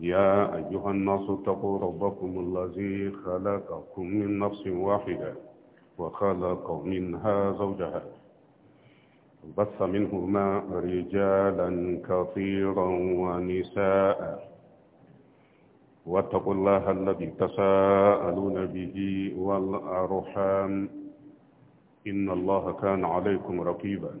يا أيها الناس اتقوا ربكم الذي خلقكم من نفس واحدة وخلق منها زوجها بث منهما رجالا كثيرا ونساء واتقوا الله الذي تساءلون به والأرحام إن الله كان عليكم رقيباً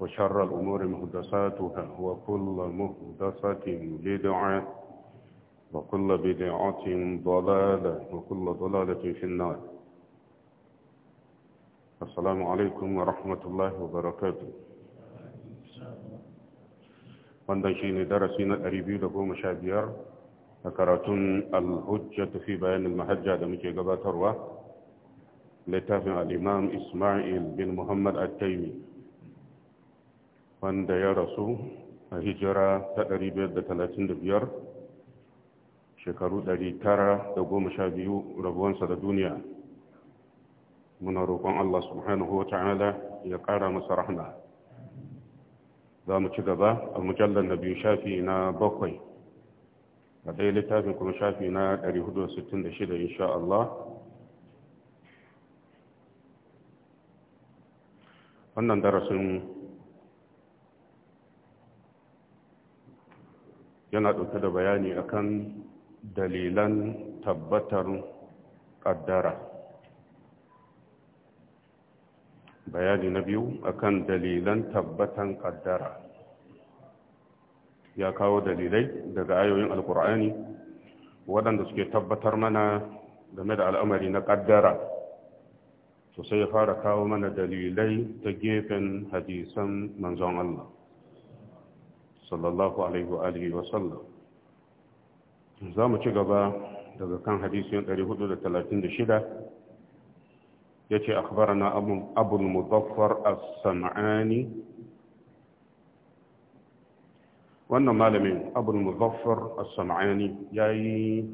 وشر الأمور مهدساتها وكل مهدسة بدعة وكل بدعة ضلالة وكل ضلالة في النار السلام عليكم ورحمة الله وبركاته وندن شين درسين الأريبي لكم مشابير ذكرتون الحجة في بيان المحجة دمجي قبات روح لتافع الإمام إسماعيل بن محمد التيمي wanda ya rasu a hijira ta 535 shekaru 912 rabuwansa da duniya muna roƙon Allah subhanahu wa ta'ala ya ƙara masa rahma za mu ci gaba a mujallar na biyu shafi na bakwai a ɗaya littafin kuma shafi na 466 insha Allah wannan darasin yana ɗauke da bayani akan dalilan tabbatar ƙaddara bayani na biyu akan dalilan tabbatan ƙaddara ya kawo dalilai daga ayoyin alkur'ani waɗanda suke tabbatar mana game da al'amari na ƙaddara sosai ya fara kawo mana dalilai ta gefen hadisan manzon Allah sallallahu alaihi wa alihi wa sallam za mu ci gaba daga kan hadisin 436 yace akhbarana abu al-mudaffar as-sam'ani wannan malamin abu al-mudaffar as-sam'ani yayi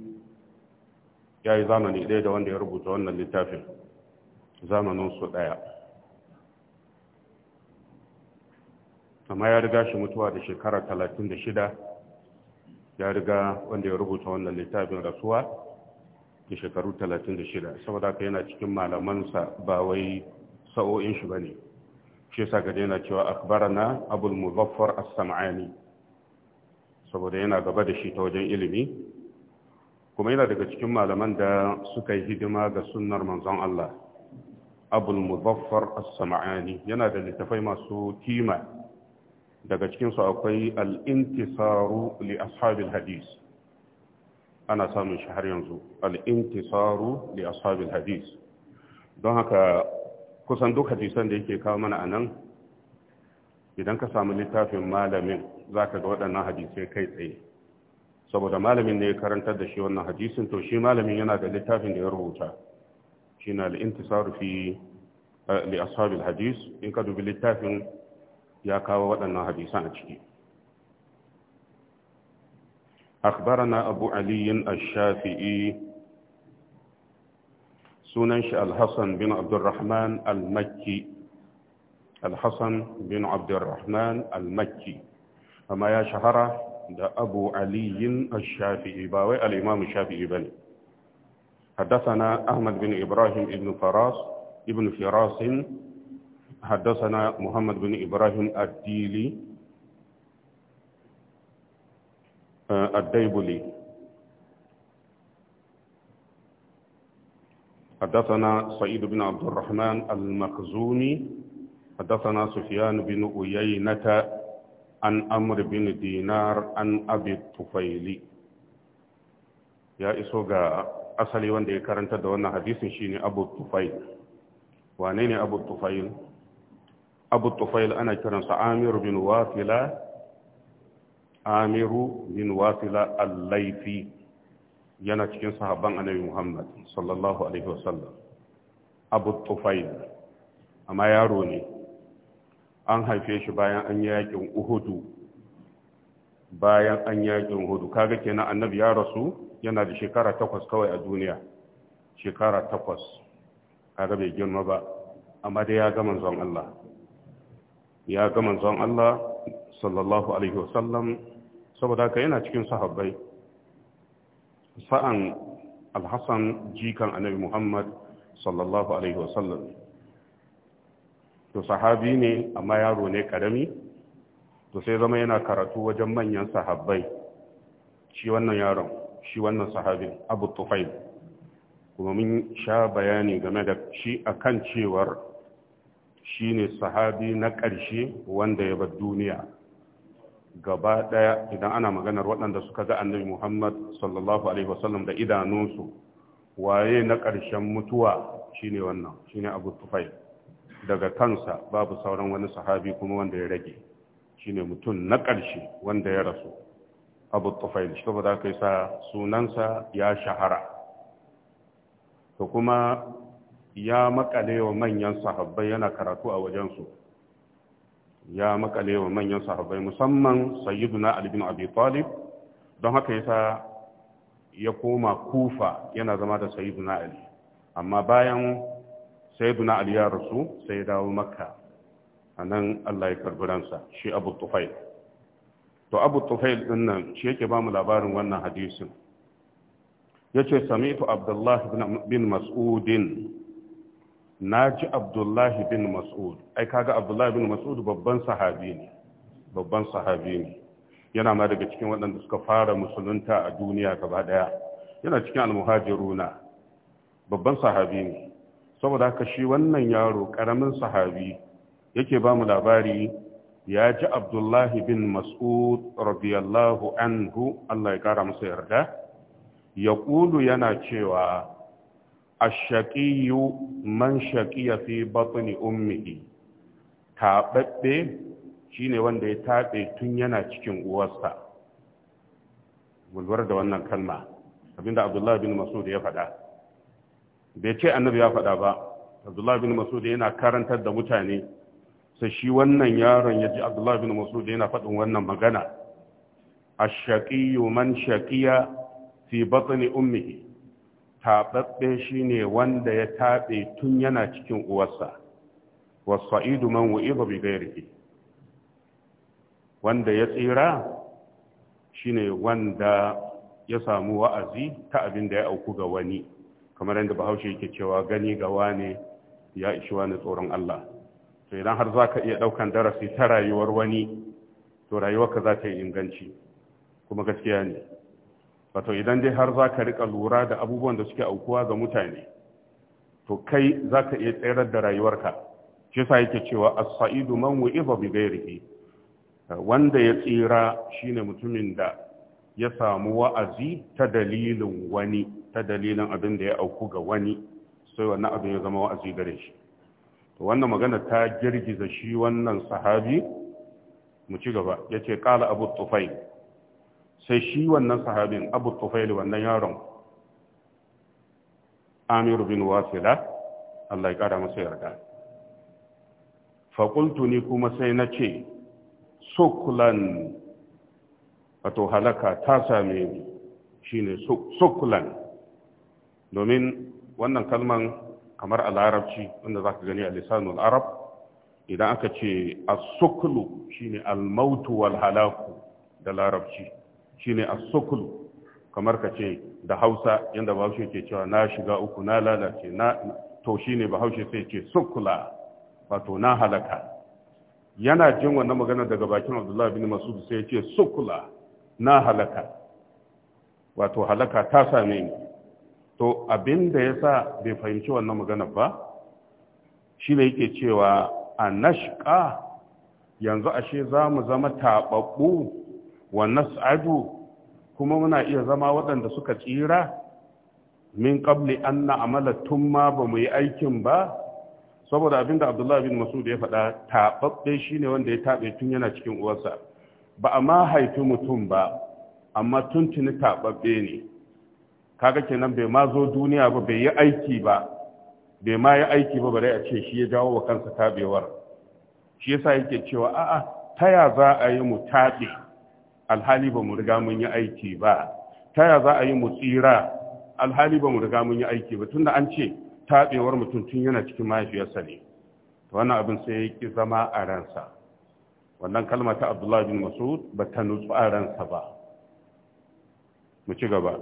yayi zamani ɗaya da wanda ya rubuta wannan littafin zamanin su ɗaya amma ya riga shi mutuwa da shekara 36 ya riga wanda ya rubuta wannan littafin rasuwa da shekaru 36 saboda ka yana cikin malamansa ba wai sa'o'in shi bane shi yasa ka yana cewa akbarana abul muzaffar as-sam'ani saboda yana gaba da shi ta wajen ilimi kuma yana daga cikin malaman da suka yi hidima ga sunnar manzon Allah abul muzaffar as-sam'ani yana da littafai masu kima daga cikinsu akwai al'intisaru li ashabil hadis ana samun shi har yanzu al'intisaru li ashabil hadis don haka kusan duk hadisan da yake kawo mana a nan idan ka samu littafin malamin za ka ga waɗannan hadisai kai tsaye saboda malamin ne ya karantar da shi wannan hadisin to shi malamin yana da littafin da ya rubuta shi na al'intisaru fi eh, li ashabil hadis in ka dubi littafin ya kawo waɗannan hadisan a ciki akbara na abu aliyun ashafi'i sunan shi alhassan bin abdurrahman al-makki al-makki amma ya shahara da abu aliyun ashafi'i ba wai al’imamu shafi'i ba ne حدثنا أحمد بن إبراهيم بن حدثنا محمد بن إبراهيم الديلي الديبلي حدثنا سعيد بن عبد الرحمن المخزومي حدثنا سفيان بن أيينة عن أمر بن دينار عن أبي الطفيلي يا إسوغا أصلي وان دي كارنتا دونا حديث شيني أبو الطفيل وانين أبو الطفيل abu tufail ana kiransa amiru bin wafila amiru bin wafila al-laifi yana cikin sahabban annabi muhammad sallallahu alaihi wasallam abu tufail amma yaro ne an haife shi bayan an yakin uhudu bayan an yakin uhudu kaga kenan annabi ya rasu yana da shekara takwas kawai a duniya shekara takwas kaga bai girma ba amma dai ya ga manzon Allah ya ga manzon Allah sallallahu alaihi wasallam saboda ka yana cikin sahabbai sa'an alhassan jikan annabi muhammad sallallahu alaihi wasallam to sahabi ne amma yaro ne karami to sai zama yana karatu wajen manyan sahabbai shi wannan yaron shi wannan sahabin abu tufail kuma mun sha bayani game da shi akan cewar Shi ne sahabi na ƙarshe wanda ya bar duniya gaba ɗaya idan ana maganar waɗanda suka ga annabi Muhammad sallallahu alaihi wasallam da idanunsu waye na ƙarshen mutuwa shine wannan shine Abu tufai daga kansa babu sauran wani sahabi kuma wanda ya rage Shi ne mutum na ƙarshe wanda ya rasu Abu tufai shi ka yi sa sunansa ya shahara ta kuma ya makale wa manyan sahabbai yana karatu a wajensu ya makale wa manyan sahabbai musamman sayyiduna Ali bin Abi Talib don haka yasa ya koma Kufa yana zama da sayyiduna Ali amma bayan sayyiduna Ali ya rasu sai ya dawo Makka anan Allah ya karbi ransa shi Abu Tufail to Abu Tufail dinnan shi yake ba mu labarin wannan hadisin yace sami'tu Abdullahi bin Mas'udin na ji abdullahi bin mas'ud ai kaga abdullahi bin mas'ud babban sahabi ne babban sahabi ne yana ma daga cikin waɗanda suka fara musulunta a duniya gaba ɗaya yana cikin almuhajiruna babban sahabi ne saboda haka shi wannan yaro ƙaramin sahabi yake ba mu labari ya ji abdullahi bin mas'ud radiyallahu anhu Allah ya kara masa yarda ya yana cewa ashaqiyu man shaqiya fi batni ummihi taɓaɓɓe shine wanda ya taɓe tun yana cikin uwarsa gulbar da wannan kalma abinda abdullahi bin masud ya faɗa bai ce annabi ya faɗa ba abdullahi bin masud yana karantar da mutane sai shi wannan yaron ya ji abdullahi bin masud yana faɗin wannan magana ashaqiyu man shaqiya fi batni ummihi taɓaɓɓe ne wanda ya taɓe tun yana cikin uwarsa Wasu idu man wa'iza bi ghairihi wanda ya tsira shi ne wanda ya samu wa'azi ta abin da ya auku ga wani kamar yadda bahaushe yake cewa gani ga wane ya ishi wani tsoron Allah to idan har za ka iya ɗaukan darasi ta rayuwar wani to rayuwar ka za ta yi inganci kuma gaskiya ne wato idan dai har za ka riƙa lura da abubuwan da suke aukuwa ga mutane to kai za ka iya tsayar da rayuwarka shi sa yake cewa as-sa'idu man wa'iza bi ghairihi wanda ya tsira shine mutumin da ya samu wa'azi ta dalilin wani ta dalilin abin da ya auku ga wani sai wannan abin ya zama wa'azi gare shi to wannan magana ta girgiza shi wannan sahabi mu ci gaba yace qala abu tufail sai shi wannan sahabin abu tufail wannan yaron amir bin wasila Allah ya kara masa yarda faƙultu ni kuma sai na ce sukulan wato halaka ta same shi ne sukulan domin wannan kalman kamar a larabci wanda za ka gani a lisanul arab idan aka ce a suklu shine ne mautu wal halaku da larabci shine a sokulu kamar ka ce da Hausa yanda Bahaushe ke cewa na shiga uku na lalace na to shine Bahaushe sai ce sukula wato na halaka yana jin wannan magana daga bakin Abdullahi bin Mas'ud sai ce sukula na halaka wato halaka ta same ni to abinda sa bai fahimci wannan magana ba shine yake cewa a anashqa yanzu ashe za mu zama taɓaɓɓu wa nas'adu kuma muna iya zama waɗanda suka tsira min ƙabli an tun ma ba mu yi aikin ba saboda abinda Abdullahi bin Mas'ud ya faɗa shi ne wanda ya taɓe tun yana cikin uwarsa ba a ma haifi mutum ba amma tun tuni taɓaɓɓe ne kaga kenan bai ma zo duniya ba bai yi aiki ba bai ma yi aiki ba bare a ce shi ya jawo wa kansa taɓewar? shi yasa yake cewa a'a ta ya za a yi mu taɓe alhali ba mu riga mun yi aiki ba ta ya za a yi mu tsira alhali ba mu riga mun yi aiki ba tunda an ce taɓewar mutum tun yana cikin mahaifiyarsa ne wannan abin sai ya ki zama a ransa wannan kalma ta abdullahi bin masud ba ta nutsu a ransa ba mu ci gaba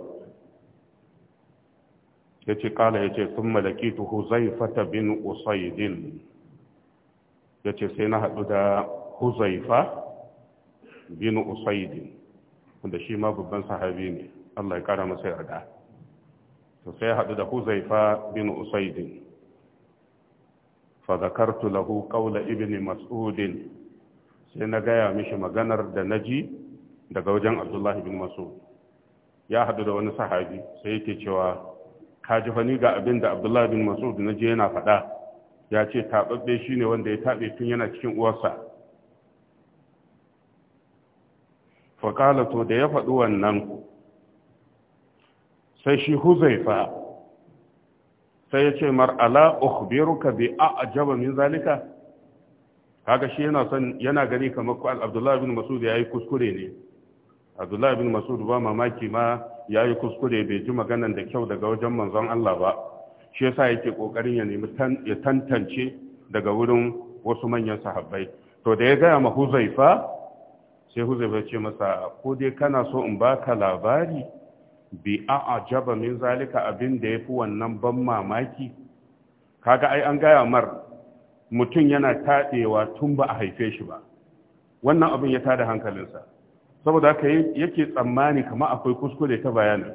ya ce kala ya ce sun malaki tuhu zai fata bin usaidin ya ce sai na haɗu da huzaifa bin usaid wanda shi ma babban sahabi ne Allah ya kara masa yarda to sai ya hadu da huzaifa bin usaid fa zakartu lahu qawla ibni mas'ud sai na gaya mishi maganar da naji daga wajen Abdullahi bin Mas'ud ya hadu da wani sahabi sai yake cewa ka ji fani ga abin da Abdullahi bin Mas'ud naji yana faɗa ya ce taɓaɓɓe shine wanda ya taɓe tun yana cikin uwarsa faƙala to da ya faɗi wannan sai shi huzaifa sai ya ce mar'ala ukhbiruka bi a'jaba min zalika kaga shi yana son yana gani kamar ko Abdullah ibn Mas'ud yayi kuskure ne Abdullah ibn Mas'ud ba mamaki ma yayi kuskure bai ji maganar da kyau daga wajen manzon Allah ba shi yasa yake kokarin ya nemi ya tantance daga wurin wasu manyan sahabbai to da ya ga ma Huzaifa sai huzaifa ce masa ko dai kana so in baka labari bi a'jaba min zalika abin da ya fi wannan ban mamaki kaga ai an gaya mar mutum yana taɗewa tun ba a haife shi ba wannan abin ya tada hankalinsa saboda haka yake tsammani kamar akwai kuskure ta bayani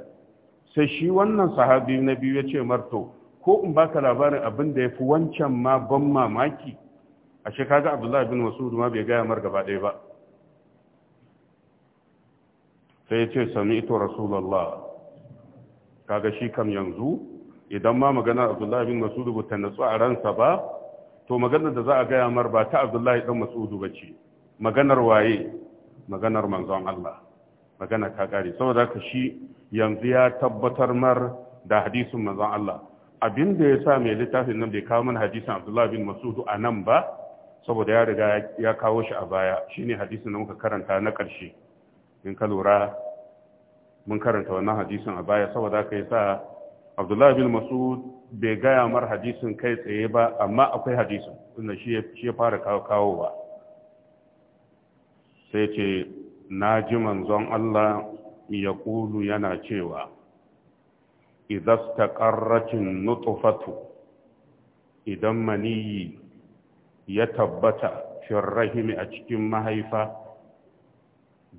sai shi wannan sahabi na biyu ya ce marto ko in baka labarin abin da ya fi wancan ma ban mamaki a shekaga abdullahi bin masu ma bai gaya mar gaba ɗaya ba sai ce sami ito rasulallah kaga shi kam yanzu idan ma maganar abdullahi bin masudu ba ta natsu a ransa ba to maganar da za a gaya mar ba ta abdullahi dan masudu ba ce maganar waye maganar manzon Allah magana ta kare saboda haka shi yanzu ya tabbatar mar da hadisin manzon Allah abin da ya sa mai littafin nan bai kawo mana hadisin abdullahi bin masudu a nan ba saboda ya riga ya kawo shi a baya shine hadisin da muka karanta na karshe in ka lura mun karanta wannan hadisin a baya saboda ka yi sa abdullahi bin masud bai gaya mar hadisin kai tsaye ba amma akwai hadisin inda shi ya fara kawo ba. sai ce na ji manzon Allah ya Kulu yana cewa idasta ƙarracin nutufatu idan maniyi ya tabbata fi rahimi a cikin mahaifa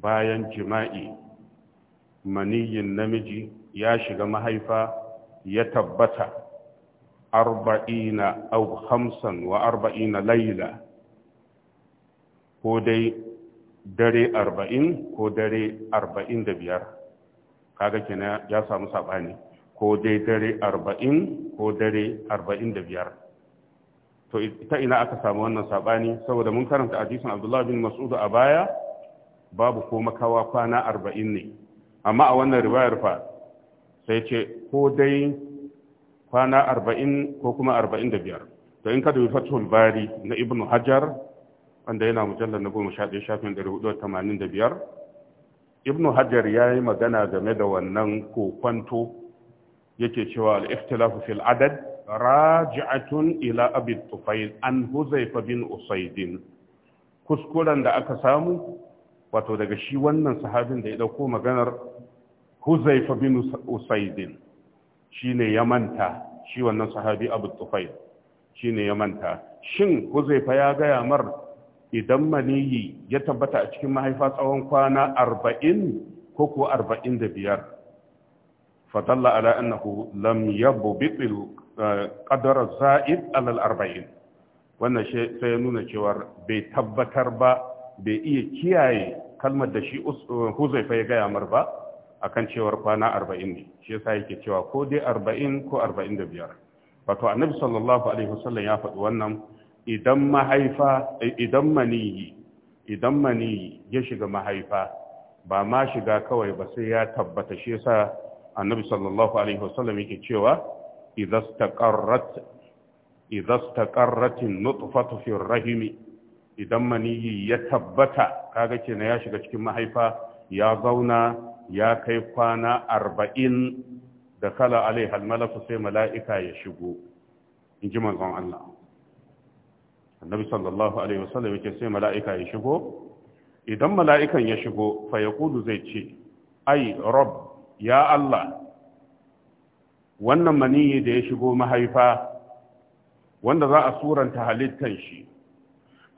bayan jima'i maniyin namiji ya shiga mahaifa ya tabbata arba'ina au hamsan wa arba'ina laila ko dai dare arba'in ko dare arba'in da biyar kaga kenan ya samu saɓani ko dai dare arba'in ko dare arba'in da biyar to ita ina aka samu wannan saɓani saboda mun karanta hadisin abdullahi bin Masudu a baya babu ko makawa kwana arba'in ne amma a wannan riwayar fa sai ce ko dai kwana arba'in ko kuma arba'in da biyar to in ka dubi fathul bari na ibnu hajar wanda yana mujallar na goma sha ɗaya shafin ɗari hudu tamanin da biyar ibnu hajar ya yi magana game da wannan kokwanto yake cewa al-iftilafu fil adad raji'atun ila abi tufail an huzaifa bin usaidin kuskuren da aka samu wato daga shi wannan sahabin da ya dauko maganar huzaifa bin usaidin shine ya manta shi wannan sahabi abu tufai shine ya manta shin huzaifa ya gaya mar idan maniyi ya tabbata a cikin mahaifa tsawon kwana arba'in ko ko arba'in da biyar fatalla ala annahu lam yabu bitil eh, qadara za'id alal arba'in wannan sai ya nuna cewa bai tabbatar ba bai iya kiyaye kalmar da shi uh, huzaifa ya gaya mar ba akan cewar kwana arba'in ne shi yasa yake cewa ko dai arba'in ko arba'in da biyar wato annabi sallallahu alaihi wasallam ya faɗi wannan idan mahaifa idan maniyi idan maniyi ya shiga mahaifa ba ma shiga kawai ba sai ya tabbata shi yasa annabi sallallahu alaihi wasallam yake cewa idza istaqarrat nutfatu fi rahimi idan maniyi ya tabbata kaga kenan ya shiga cikin mahaifa ya zauna ya kai kwana arba'in da kala alaihi almalaku sai mala'ika ya shigo in ji manzon Allah annabi sallallahu alaihi wasallam yake sai mala'ika ya shigo idan mala'ikan ya shigo fa zai ce ai rob, ya Allah wannan maniyi da ya shigo mahaifa wanda za a suranta halittan shi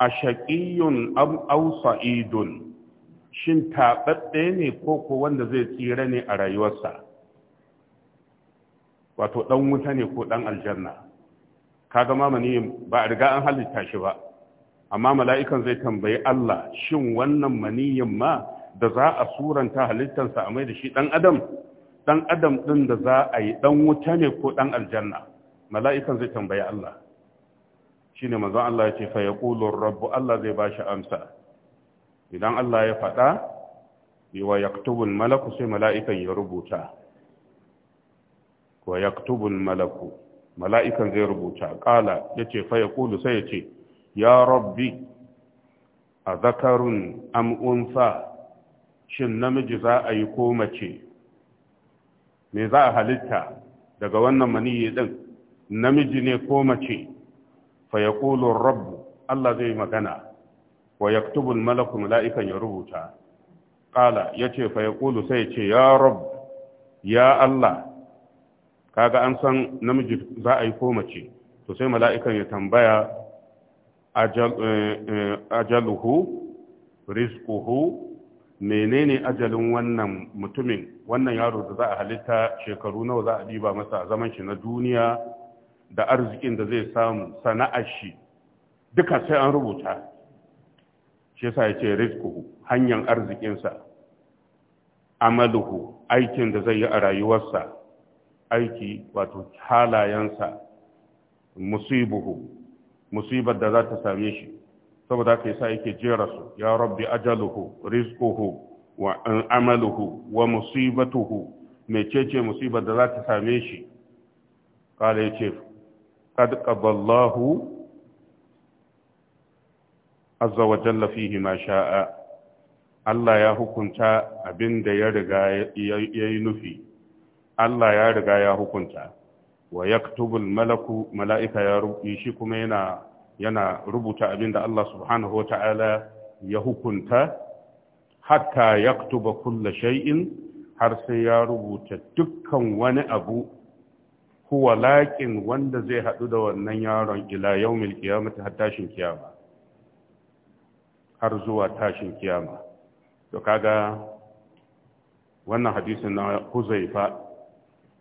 a shaƙiyun au sa'idun shin taɓaɓɓe ne ko ko wanda zai tsira ne a rayuwarsa wato ɗan wuta ne ko ɗan aljanna kaga mamani ba a riga an halitta shi ba amma mala'ikan zai tambayi Allah shin wannan maniyin ma da za a suranta halittansa a mai da shi ɗan adam ɗan adam ɗin da za a yi ɗan wuta ne ko ɗan aljanna mala'ikan zai tambayi Allah Shi ne mazan Allah ya ce fa ƙulun Rabu, Allah zai ba shi amsa idan Allah ya faɗa wa yaktubu malaku sai mala'ikan ya rubuta wa yaktubu malaku mala'ikan zai rubuta ya yace fa sai yace ya rabbi a zakarun am shin namiji za a yi ko mace me za a halitta daga wannan maniyi ɗin namiji ne ko mace fa rabbu Allah zai magana wa yaktubu la'ikan mala'ikan ya rubuta qala yace fa sai yace ya rabb ya Allah kaga an san namiji za a yi ko mace to sai mala'ikan ya tambaya eh, eh, ajaluhu rizquhu menene ajalin wannan mutumin wannan yaro da za a halitta shekaru nawa za a diba masa a zaman shi na duniya da arzikin da zai samu sana'ar shi duka sai an rubuta shi yasa ya ce rizkuhu hanyar arzikinsa amaluhu aikin da zai yi a rayuwarsa aiki wato halayensa musibuhu musibar da za ta same shi saboda ka yasa yake jera su ya rabbi ajaluhu rizquhu wa amaluhu wa musibatuhu mecece musibar da za ta same shi kala ce. qad qaballahu azza wa jalla ma sha'a Allah ya hukunta abin da ya riga ya yi nufi Allah ya riga ya hukunta wa yaktubul malaku mala'ika ya rubuci shi kuma yana rubuta abin da Allah subhanahu wa ta'ala ya hukunta hatta yaktuba kulla shay'in har sai ya rubuta dukkan wani abu huwa laƙin wanda zai haɗu da wannan yaron ila yaumil kiyamata har tashin kiyama har zuwa tashin kiyama to kaga wannan hadisin na huzaifa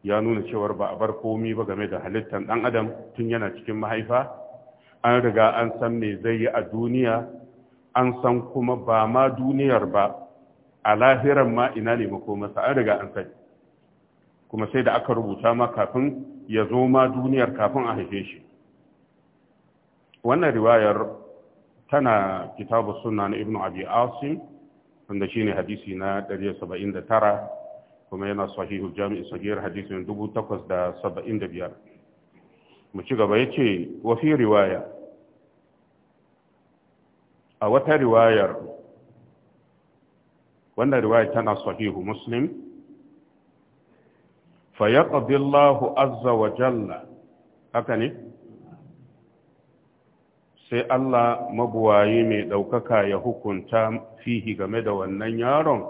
ya nuna cewar ba a bar komi ba game da halittar ɗan adam tun yana cikin mahaifa an riga an san me zai yi a duniya an san kuma ba ma duniyar ba a lahiran ma ina ne makomasa an riga an san. kuma sai da aka rubuta ma kafin ya zo ma duniyar kafin a haife shi wannan riwayar tana kitabu sunna na ibnu abi asim wanda shine hadisi na 179 kuma yana sahihu jami'i sahihar hadisin 875 mu ci gaba yace wa fi riwaya a wata riwayar wannan riwaya tana sahihu muslim فيقضي الله عز وجل haka ne sai Allah mabuwaye mai ɗaukaka ya hukunta fihi game da wannan yaron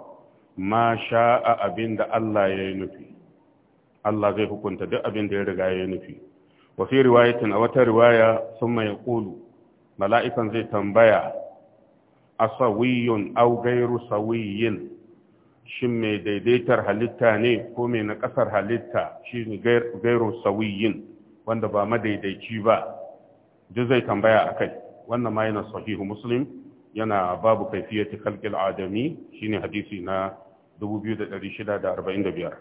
ma a abin Allah ya yi nufi Allah zai hukunta duk abin da ya riga ya yi nufi wa fi riwayatin a wata riwaya sun mai kulu mala'ikan zai tambaya asawiyun au gairu sawiyin shin mai daidaitar halitta ne ko mai na ƙasar halitta shi ne gairo sauyin wanda ba madaidaici ba duk zai tambaya a kai wannan ma yana sahihu muslim yana babu kaifiyar kalkil adami shine hadisi na 2645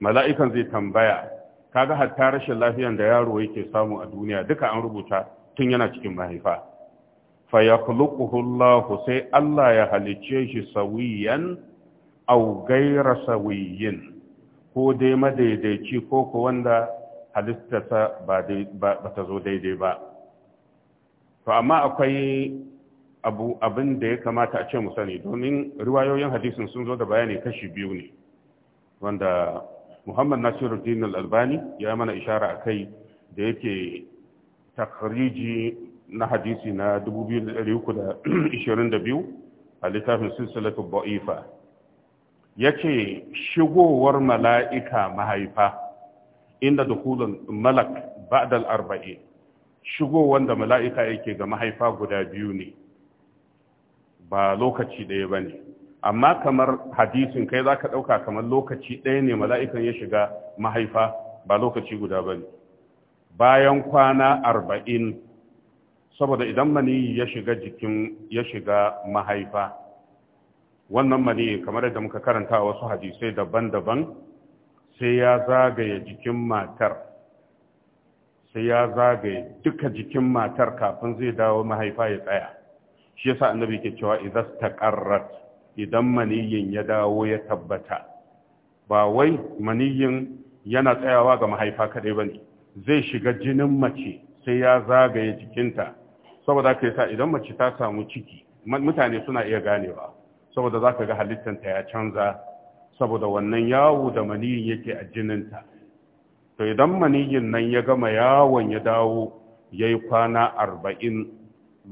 mala'ikan zai tambaya kaga hatta rashin lafiyan da yaro yake samu a duniya duka an rubuta tun yana cikin mahaifa fa ya sai Allah ya halicce shi sawiyan au gaira sawiyin ko dai madaidaici ko ko wanda halittarsa ba ta zo daidai ba to amma akwai abin da ya kamata a ce mu sani domin riwayoyin hadisin sun zo da bayani kashi biyu ne wanda muhammad nasiruddin al-albani ya mana ishara a kai da yake takariji na hadisi na 2322 a littafin silsilatu ba'ifa ya ce shigowar mala'ika mahaifa inda da dukulun malak ba'dal arba'in shigowar da mala'ika yake ga mahaifa guda biyu ne ba lokaci ɗaya ba ne amma kamar hadisin kai za ka ɗauka kamar lokaci ɗaya ne mala'ikan ya shiga mahaifa ba lokaci guda ba ne bayan kwana arba'in saboda idan mani ya shiga jikin ya shiga mahaifa wannan mani kamar yadda muka karanta a wasu hadisai daban-daban sai ya zagaye jikin matar sai ya zagaye duka jikin matar kafin zai dawo mahaifa ya tsaya shi yasa annabi ke cewa idan taqarrat idan maniyin ya dawo ya tabbata ba wai maniyin yana tsayawa ga mahaifa kadai bane zai shiga jinin mace sai ya zagaye jikinta saboda haka yasa idan mace ta samu ciki mutane suna iya ganewa saboda za ka ga halittanta ya canza saboda wannan yawo da maniyin yake a jininta to idan maniyin nan ya gama yawon ya dawo ya yi kwana arba'in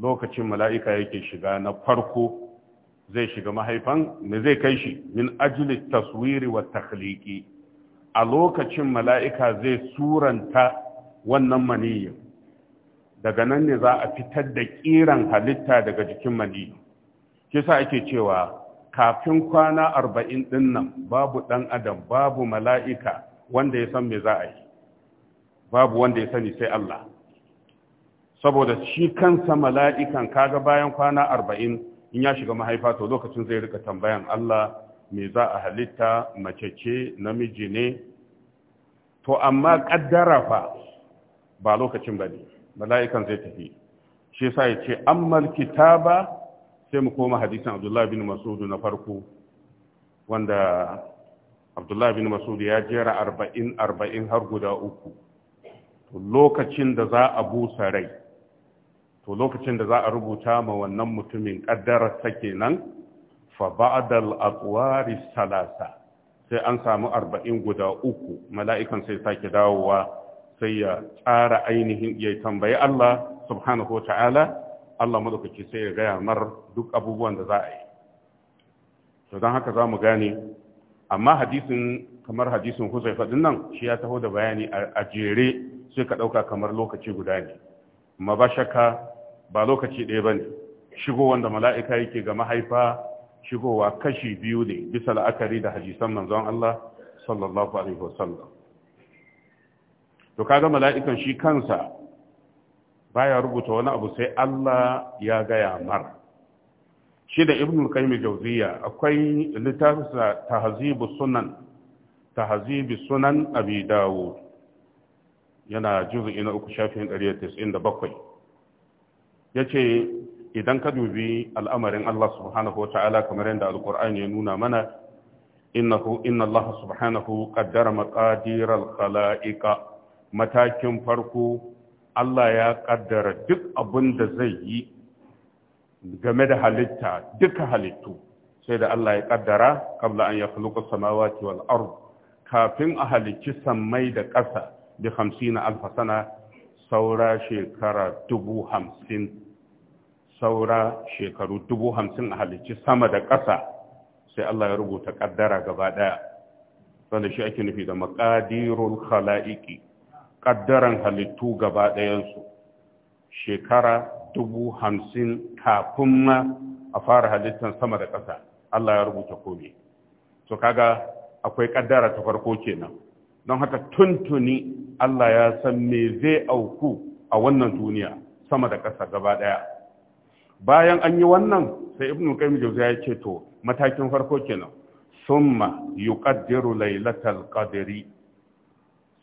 lokacin mala'ika yake shiga na farko zai shiga mahaifan me zai kai shi min ajilis taswiri wa takhliki a lokacin mala'ika zai suranta wannan maniyin daga nan ne za a fitar da kiran halitta daga jikin maniyin kisa ake cewa kafin kwana arba'in ɗin nan babu ɗan adam babu mala'ika wanda ya san me za a yi babu wanda ya sani sai Allah saboda shi kansa mala'ikan kaga bayan kwana arba'in in ya shiga mahaifa to lokacin zai rika tambayan Allah me za a halitta mace ce namiji ne to amma kaddara fa ba lokacin ba ne mala'ikan zai tafi shi sa ya ce ammal kitaba sai mu koma hadisin abdullahi bin Masudu na farko wanda abdullahi bin masud ya jera arba'in arba'in har guda uku lokacin da za a busa rai to lokacin da za a rubuta ma wannan mutumin ƙaddararsa kenan fa ba'dal aqwari salasa sai an samu arba'in guda uku mala'ikan sai sake dawowa sai ya tsara ainihin ya tambayi Allah subhanahu wa ta'ala Allah madaukaki sai ya gaya mar duk abubuwan da za a yi to don haka za mu gane amma hadisin kamar hadisin huzaifa din nan shi ya taho da bayani a jere sai ka ɗauka kamar lokaci guda ne amma ba shakka ba lokaci ɗaya ba ne Shigo wanda mala'ika yake ga mahaifa shigowa kashi biyu ne bisa la'akari da hadisan manzon Allah sallallahu alaihi wasallam to kaga mala'ikan shi kansa baya rubuta wani abu sai Allah ya gaya mar shi da ibn al-qayyim jawziya akwai littafinsa tahzibus sunan tahzibus sunan abi dawud yana juz'i na uku shafin 197 yace idan ka dubi al'amarin Allah subhanahu wa ta'ala kamar yadda alqur'ani ya nuna mana innahu inna Allah subhanahu qaddara maqadir al-khalaiqa matakin farko Allah ya kaddara duk abin da zai yi game da halitta duka halittu sai da Allah ya kaddara kabla an ya khuluqa samawati wal ard kafin a halicci sammai da ƙasa bi 50 alf sana saura shekara saura shekaru dubu hamsin a halicci sama da ƙasa sai Allah ya rubuta kaddara gaba ɗaya wanda shi ake nufi da maqadirul khala'iqi ƙaddaran halittu gaba ɗayansu shekara dubu hamsin kafin ma a fara halittar sama da ƙasa Allah ya rubuta komai to kaga akwai ƙaddara ta farko kenan don haka tuntuni Allah ya san me zai auku a wannan duniya sama da ƙasa gaba ɗaya bayan an yi wannan sai ibnu qayyim jauza ya ce to matakin farko kenan summa yuqaddiru lailatal ƙadari.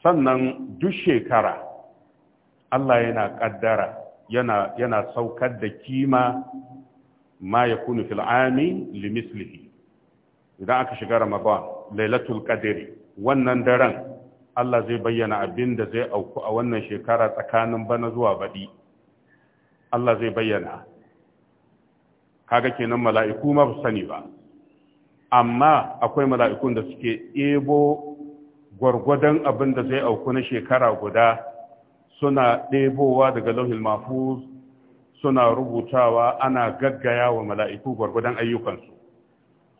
sannan duk shekara Allah yana ƙaddara yana, yana saukar da kima ma ya kunu fil'ami limislihi idan aka shiga ramadan lailatul qadri wannan daren Allah zai bayyana abin da zai auku a wannan shekara tsakanin bana zuwa baɗi Allah zai bayyana kaga kenan mala'iku ma ba sani ba amma akwai mala'ikun da suke ebo gwargwadon abin da zai auku na shekara guda suna ɗebowa daga lauhin mafu suna rubutawa ana gaggaya wa mala'iku gwargwadon ayyukansu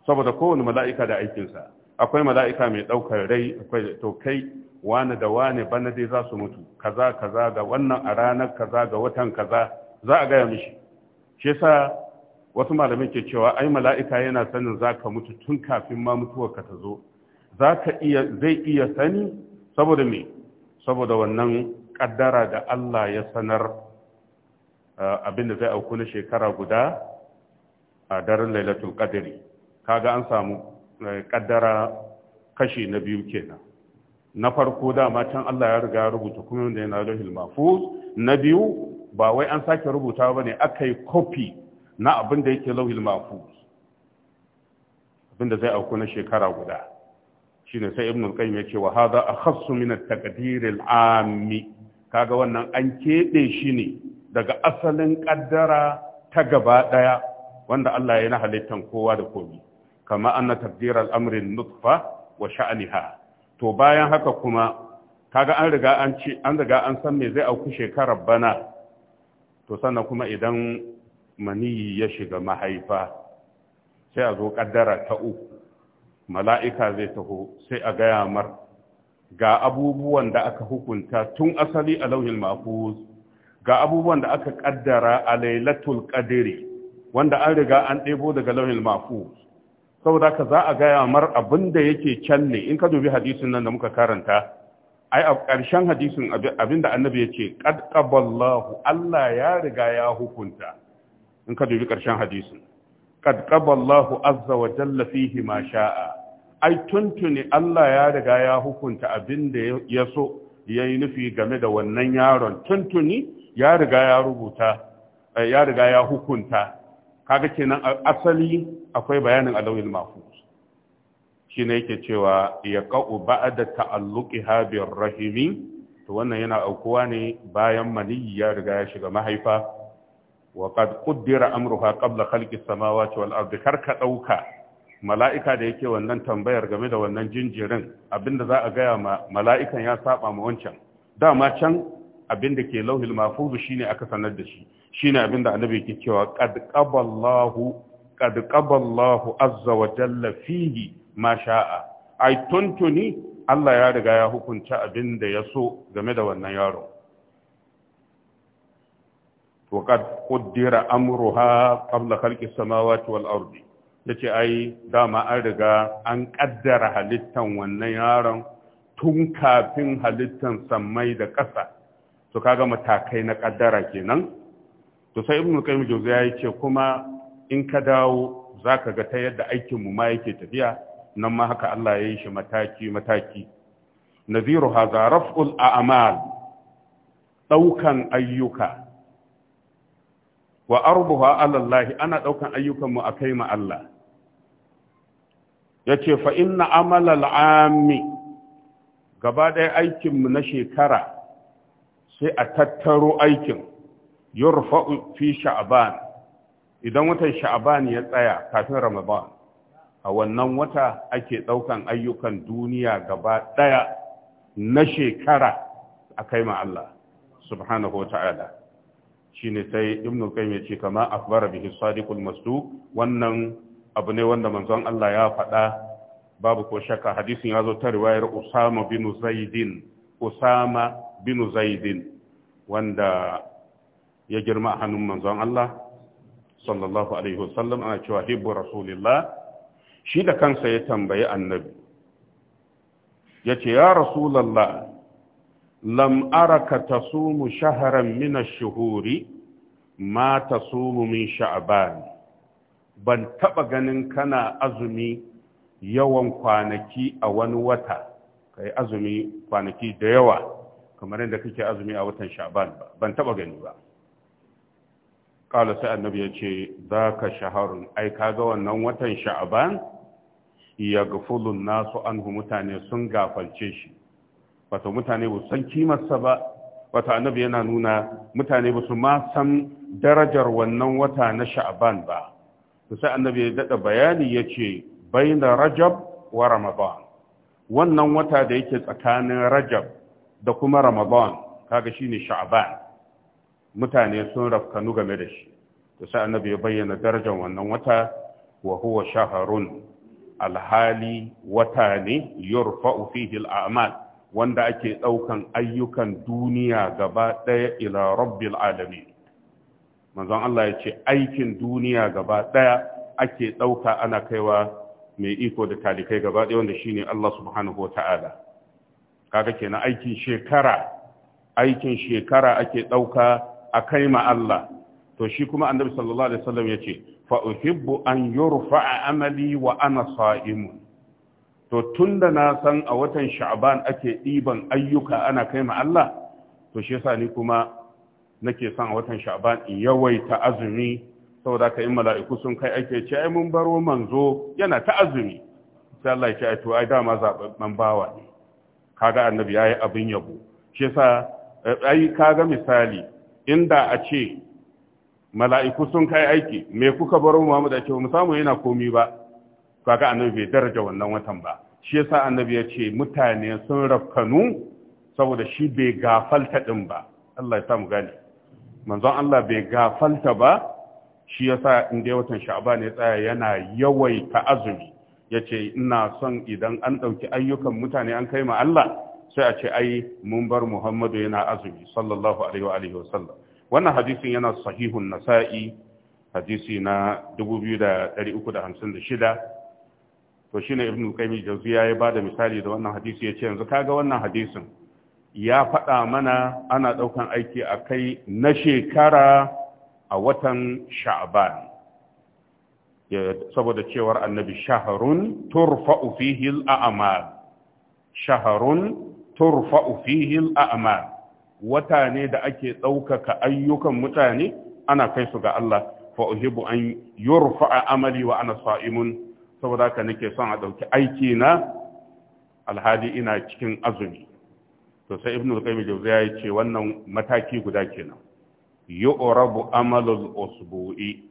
saboda kowane mala'ika da aikinsa akwai mala'ika mai ɗaukar rai akwai to kai wani da wani bana dai za su mutu kaza kaza ga wannan a ranar kaza ga watan kaza za a gaya mishi shi sa wasu malamai ke cewa ai mala'ika yana sanin za ka mutu tun kafin ma ka ta zo za ka iya zai iya sani saboda me saboda wannan kaddara da Allah ya sanar eh, abin da zai auku na shekara guda a daren lailatul qadri kaga an samu eh, kaddara kashi na biyu kenan na farko dama can Allah ya riga rubuta kuma wanda yana lahil mahfuz na biyu ba wai an sake rubuta bane akai copy na abin yake lauhil mahfuz abin zai auku na shekara guda shine sai ibn al-qayyim yake wa hadha akhassu min at-taqdir al-ammi kaga wannan an kebe shi ne daga asalin kaddara ta gaba daya wanda Allah ya na halittan kowa da komi kama anna taqdir al-amri nutfa wa sha'niha to bayan haka kuma kaga an riga an ci an riga an san me zai auku shekarar bana to sannan kuma idan mani ya shiga mahaifa sai a zo kaddara ta uku mala'ika zai taho sai a gaya mar ga abubuwan da aka hukunta tun asali a lauhin mafuz ga abubuwan da aka kaddara a lailatul kadiri wanda an riga an ɗebo daga lauhin mafuz saboda ka za a gaya mar abin da yake can ne in ka dubi hadisin nan da muka karanta ai a ƙarshen hadisin abin da annabi ya ce qad Allah ya riga ya hukunta in ka dubi ƙarshen hadisin qad qaballahu azza wa jalla fihi ma sha'a ai tuntuni Allah ya riga ya hukunta abin da ya so yayi nufi game da wannan yaron tuntuni ya riga ya rubuta eh, ya riga ya hukunta kaga kenan asali akwai bayanin alawil mahfuz ne yake cewa ya qa'u ba'da ta'alluqiha bir rahimi to wannan yana aukuwa ne bayan maniyi ya riga ya shiga mahaifa wa qad qaddara amruha qabla khalqi samawati wal ardi karka dauka mala'ika da yake wannan tambayar game da wannan jinjirin abinda za a gaya ma mala'ikan ya saba ma wancan dama can abinda ke lauhil mahfuz shine aka sanar da shi shine abinda annabi yake cewa qad qaballahu qad qaballahu azza wa jalla fihi ma sha'a ai tuntuni Allah ya riga ya hukunta abinda ya so game da wannan yaron. wa qad amruha qabla khalqi samawati wal ardi yace ai dama an riga an ƙaddara halittan wannan yaron tun kafin halittan sammai da ƙasa to kaga matakai na ƙaddara kenan to sai ibnu qayyim ya yace kuma in ka dawo zaka ga ta yadda aikin mu ma yake tafiya nan ma haka Allah ya yi shi mataki mataki naziru hadha raf'ul a'mal daukan ayyuka wa ala Allah ana ɗaukan ayyukan mu akai ma Allah ya fa inna al ammi gaba ɗaya mu na shekara sai a tattaro aikin yurfa fi sha'ban idan watan sha'ban ya tsaya kafin ramadan a wannan wata ake ɗaukan ayyukan duniya gaba ɗaya na shekara akai ma Allah subhanahu wa ta'ala shine sai ibn qayyim ya ce kama akbara bihi sadiqul masduq wannan abu ne wanda manzon Allah ya faɗa babu ko shakka hadisin ya zo ta riwayar Usama bin Zaidin Usama bin Zaidin wanda ya girma a hannun manzon Allah sallallahu alaihi wasallam ana cewa hibbu rasulillah shi da kansa ya tambayi annabi ya ce ya rasulallah lam araka tasumu shaharan min ash-shuhuri ma tasumu min ban taɓa ganin kana azumi yawan kwanaki a wani wata yi azumi kwanaki da yawa kamar yadda kake azumi a watan sha'ban ba ban taɓa gani ba kala sai annabi ya ce za ka shaharun ai kaga wannan watan sha'aban ya gafulun nasu anhu mutane sun gafalce shi wato mutane ba san kimarsa ba wato annabi yana nuna mutane ba su ma san darajar wannan wata na sha'ban ba to sai annabi ya dada bayani yace baina rajab wa ramadan wannan wata da yake tsakanin rajab da kuma ramadan kaga shine sha'ban mutane sun rafkanu game da shi to sai annabi ya bayyana darajar wannan wata wa huwa shaharun alhali wata ne yurfa'u fihi al'amal wanda ake ɗaukan ayyukan duniya gaba ɗaya ila rabbil alami manzon Allah ya ce aikin duniya gaba ɗaya ake ɗauka ana kaiwa mai iko da talikai gaba ɗaya wanda shine Allah subhanahu wa ta'ala kaga kenan aikin shekara aikin shekara ake ɗauka a kai ma Allah to shi kuma annabi sallallahu alaihi wasallam ya fa uhibbu an yurfa amali wa ana sa'imun to tun da na san a watan sha'aban ake ɗiban ayyuka ana kai ma Allah to shi yasa ni kuma nake san a watan sha'aban in yawaita azumi saboda ka in mala'iku sun kai ake ce ai mun baro manzo yana ta azumi sai Allah ya ce ai to ai dama man bawa ne kaga annabi yayi abin yabo shi yasa eh, ai kaga misali inda a ce mala'iku sun kai aiki me kuka baro Muhammad a ce mu samu yana komi ba kaga annabi bai daraja wannan watan ba shi yasa annabi ya ce mutane sun rafkanu saboda shi bai gafalta din ba Allah ya samu gani manzon Allah bai gafalta ba shi yasa in dai watan sha'ban ya tsaya yana yawaita azumi yace ina son idan an dauki ayyukan mutane an kai ma Allah sai a ce ai mun bar Muhammadu yana azumi sallallahu alaihi wa alihi wannan hadisin yana sahihun nasa'i hadisi na 2356 to shine ibnu qayyim jawziya ya bada misali da wannan hadisi yace yanzu kaga wannan hadisin ya faɗa mana ana ɗaukan aiki a kai na shekara a watan sha'ban saboda cewar annabi shahrun turfa'u fihi al'amal shaharun turfa'u fihi wata ne da ake ɗaukaka ayyukan mutane ana kai su ga Allah fa uhibbu an yurfa'a amali wa ana sa'imun saboda haka nake son a ɗauki aiki na Alhadi ina cikin azumi to sai ibnu qayyim jawzi ya ce wannan mataki guda kenan yu'rabu amalul usbu'i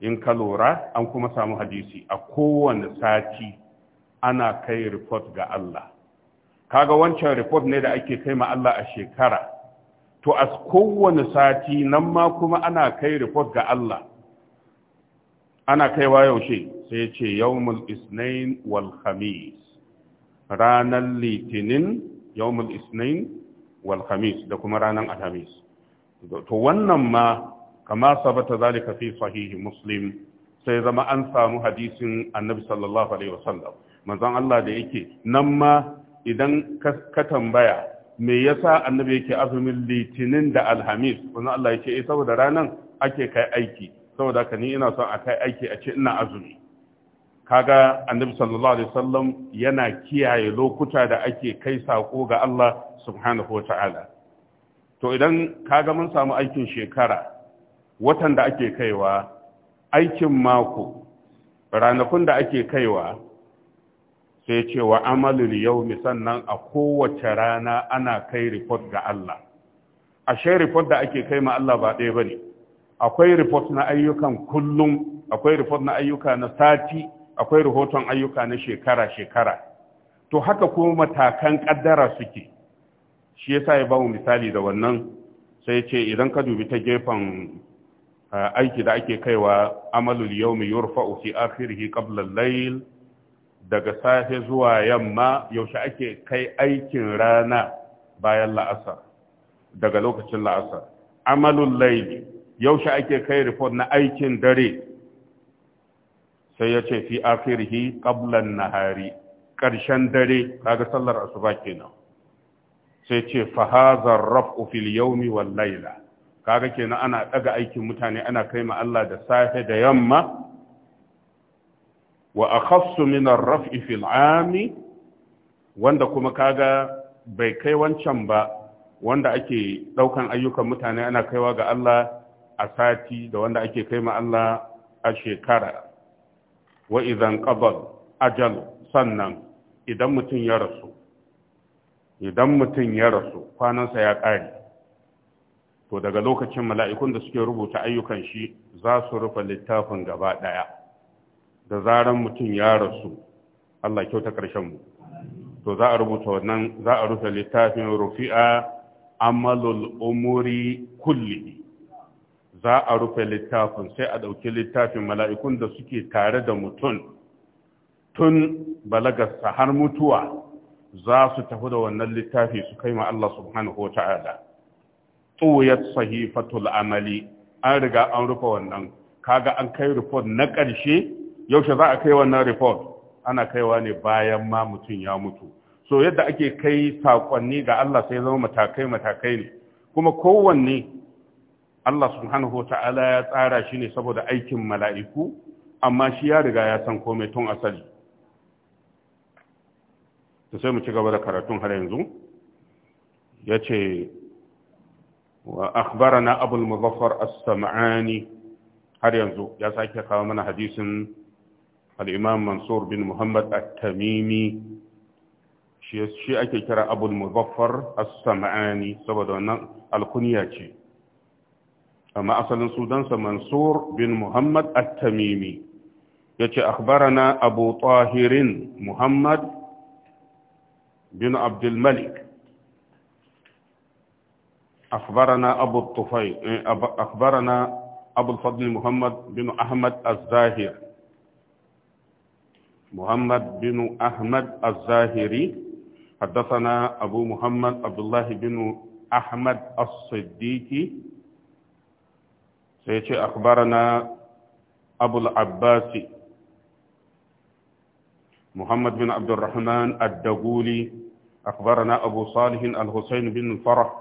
in ka lura an kuma samu hadisi a kowane sati ana kai report ga Allah kaga wancan report ne da ake kai ma Allah a shekara to a kowane sati nan ma kuma ana kai report ga Allah ana kaiwa yaushe sai ce yawmul isnain wal khamis ranar litinin yawmul isnain wal khamis da kuma ranar alhamis to wannan ma kama sabata zalika fi sahihi muslim sai zama an samu hadisin annabi sallallahu alaihi wasallam manzon Allah da yake nan ma idan ka tambaya me yasa annabi yake azumin litinin da alhamis wannan Allah yake eh saboda ranan ake kai aiki saboda haka ni ina son a kai aiki a ce ina azumi kaga annabi sallallahu alaihi wasallam yana kiyaye lokuta da ake kai sako ga Allah subhanahu wataala to idan kaga mun samu aikin shekara watan da ake kaiwa aikin mako ranakun da ake kaiwa sai ce wa amalul yawmi sannan a kowace rana ana kai report ga Allah ashe report da ake kai ma Allah ba ɗaya bane akwai report na ayyukan kullum akwai report na ayyuka na sati akwai rahoton ayyuka na shekara-shekara to haka kuma matakan kaddara suke shi yasa ya bamu misali da wannan sai ce idan ka dubi ta gefen eh, aiki da ake kaiwa amalul yawmi mai fi akhirih qabla al-layl daga safe zuwa yamma yaushe ake kai aikin rana bayan la'asar daga lokacin la'asar amalul layl yaushe ake kai report na aikin dare sai ya ce fi akhirhi qablan nahari ƙarshen dare kaga sallar asuba kenan sai ce fa hazar raf'u fil yawmi wal layla kaga kenan ana daga aikin mutane ana kai ma Allah da safe da yamma wa akhassu min ar-raf'i fil 'ami wanda kuma kaga bai kai wancan ba wanda ake daukan ayyukan mutane ana kaiwa ga Allah a sati da wanda ake kai ma Allah a shekara wa idan qabal ajal sannan idan mutum ya rasu idan mutum ya rasu kwanansa ya ƙare to daga lokacin mala'ikun da suke rubuta ayyukan shi za su rufe littafin gaba ɗaya da zaran mutum ya rasu Allah kyauta ƙarshen mu to za a rubuta wannan za a rufe littafin rufi'a amalul umuri kulli za a rufe littafin sai a ɗauki littafin mala'ikun da suke tare da mutum tun balagarsa har mutuwa za su tafi da wannan littafi su kai Allah subhanahu wa ta'ala. Tsoyar sahifatul amali an riga an rufe wannan, kaga an kai report na ƙarshe, yaushe za a kai wannan report ana kaiwa ne bayan ma mutum ya mutu. So yadda ake kai saƙonni ga Allah sai zama matakai-matakai ne, kuma kowanne Allah subhanahu ta'ala ya tsara shi ne saboda aikin mala'iku amma shi ya riga ya san komai tun asali ta sai mu ci gaba da karatun har yanzu ya ce wa akhbarana abul muzaffar as-sam'ani har yanzu ya sake kawo mana hadisin al-imam mansur bin muhammad at-tamimi shi ake kira abul muzaffar as-sam'ani saboda wannan alkuniya ce amma asalin sudansa mansur bin muhammad at-tamimi ya ce akbarana abu tahirin muhammad bin abdulmalik akbarana abu tufai akbarana abu fadli muhammad bin ahmad az-zahir محمد بن أحمد الزاهري حدثنا أبو محمد عبد الله بن أحمد sai ce akbarana na abu muhammad bin abdurrahman addaguli akbarana abu salihin al-hussein bin farah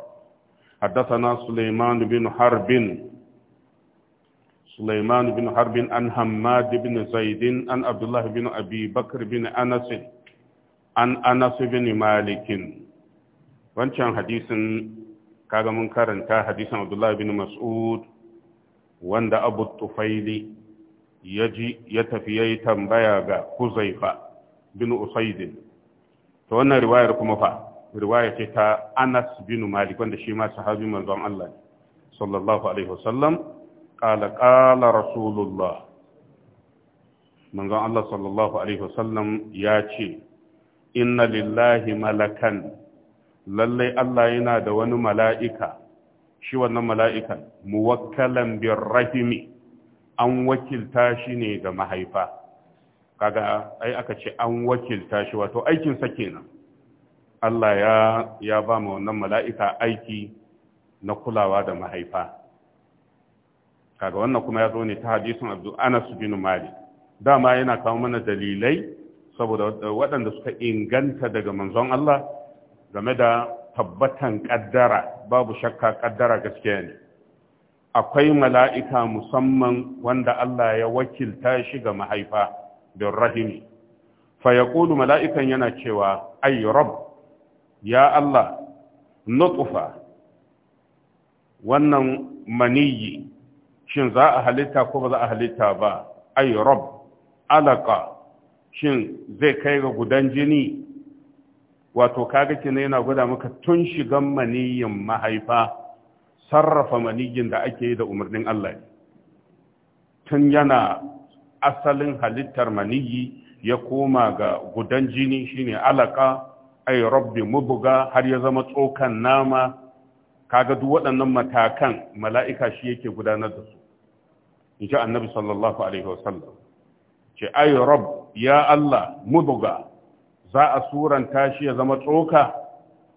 haddasa suleiman bin harbin سليمان بن حرب عن حماد بن bin عن عبد الله بن أبي بكر بن أنس عن أنس بن مالك وانشان حديث كاغمون كارنتا wanda abu tufaili ya ji ya tafi ya yi tambaya ga huzaifa bin usaidin ta wannan riwayar kuma fa riwaya ce ta anas bin malik wanda shi ma sahabi manzon Allah sallallahu alaihi wasallam qala qala rasulullah manzon Allah sallallahu alaihi wasallam ya ce inna lillahi malakan lallai Allah yana da wani mala'ika shi wannan mala'ikan muwakkalan bin rahimi an wakilta shi ne ga mahaifa kaga ai aka ce an wakilta shi wato aikin sake nan. Allah ya ba mu wannan mala'ika aiki na kulawa da mahaifa kaga wannan kuma ya zo ne ta hadisin Abdul Anas bin Malik dama yana kawo mana dalilai saboda waɗanda suka inganta daga manzon Allah game da tabbatan ƙaddara babu shakka ƙaddara gaskiya ne akwai mala'ika musamman wanda Allah ya wakilta shi ga mahaifa bin rahimi fa ya mala'ikan yana cewa ay rab ya Allah nutfa wannan maniyi shin za a halitta ko ba za a halitta ba ay rab alaka shin zai kai ga gudan jini wato kaga kenan yana gwada maka tun shigan maniyin mahaifa sarrafa maniyin da ake yi da umarnin Allah tun yana asalin halittar maniyi ya koma ga gudan jini shine alaka ai rabbi mubuga har ya zama tsokan nama kaga duk waɗannan matakan mala'ika shi yake gudanar da su in ji annabi sallallahu alaihi wasallam ce ai rabb ya Allah mubuga za a suranta shi ya zama tsoka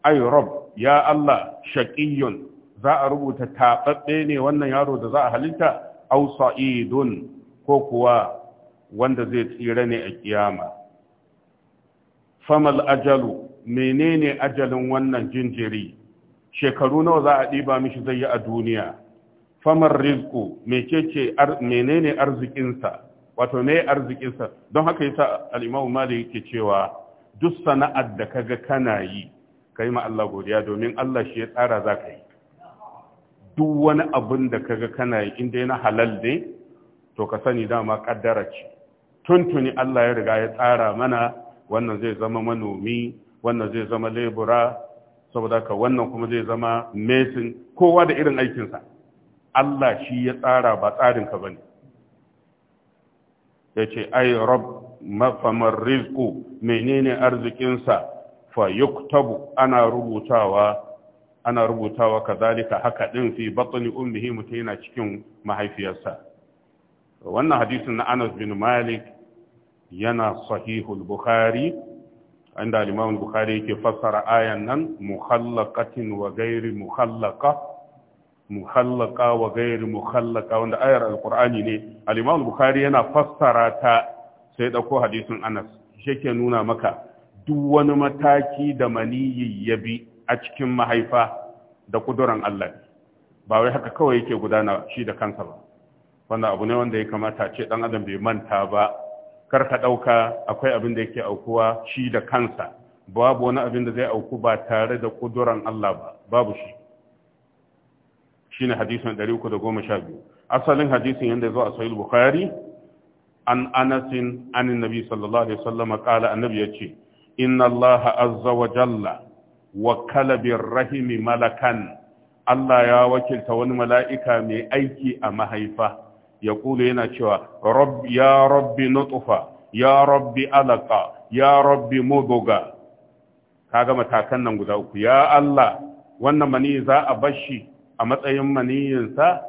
ay rob ya Allah shaqiyun za a rubuta taɓaɓɓe ne wannan yaro da za a halitta aw sa'idun ko kuwa wanda zai tsira ne a kiyama famal ajalu menene ajalin wannan jinjiri shekaru nawa za a ɗiba mishi zai yi a duniya famar me mecece menene arzikinsa wato ne arzikinsa don haka yasa al-imamu malik yake cewa duk sana'ar da kaga kana yi kai ma Allah godiya domin Allah shi ya tsara za ka yi duk wani abin da kaga kana yi inda yana halal ne to ka sani dama kaddara ce tuntuni Allah ya riga ya tsara mana wannan zai zama manomi wannan zai zama lebura saboda ka wannan kuma zai zama mesin kowa da irin aikinsa Allah shi ya tsara ba tsarinka ba ne ya ce ai mafamar rizku menene arzikinsa fa yuktabu ana rubutawa ana rubutawa kazalika haka din fi batni ummihi mutai yana cikin mahaifiyarsa wannan hadisin na Anas bin Malik yana sahihul Bukhari inda al-Imam Bukhari yake fassara ayan nan mukhallaqatin wa ghairi mukhallaqa mukhallaka wa gairi mukhallaka wanda ayar alkur'ani ne al-imam bukhari yana fassara ta sai ɗauko hadisin anas shi ke nuna maka duk wani mataki da maniyi ya bi a cikin mahaifa da kuduran Allah ba wai haka kawai yake gudana shi da kansa ba wanda abu ne wanda ya kamata ce dan adam bai manta ba kar ka ɗauka akwai abin da yake aukuwa shi da kansa babu wani abin da zai auku ba tare da ƙuduran Allah ba babu shi shine hadisin 312 asalin hadisin yanda ya zo a sahih bukhari an anasin anin nabi sallallahu alaihi wasallam kala annabi yace inna Allah azza wa jalla wakala rahimi malakan Allah ya wakilta wani mala'ika mai aiki a mahaifa ya kula yana cewa ya rabbi nutfa ya rabbi alaka ya rabbi mubuga kaga matakan nan guda uku ya Allah wannan mani za a bashi a matsayin maniyinsa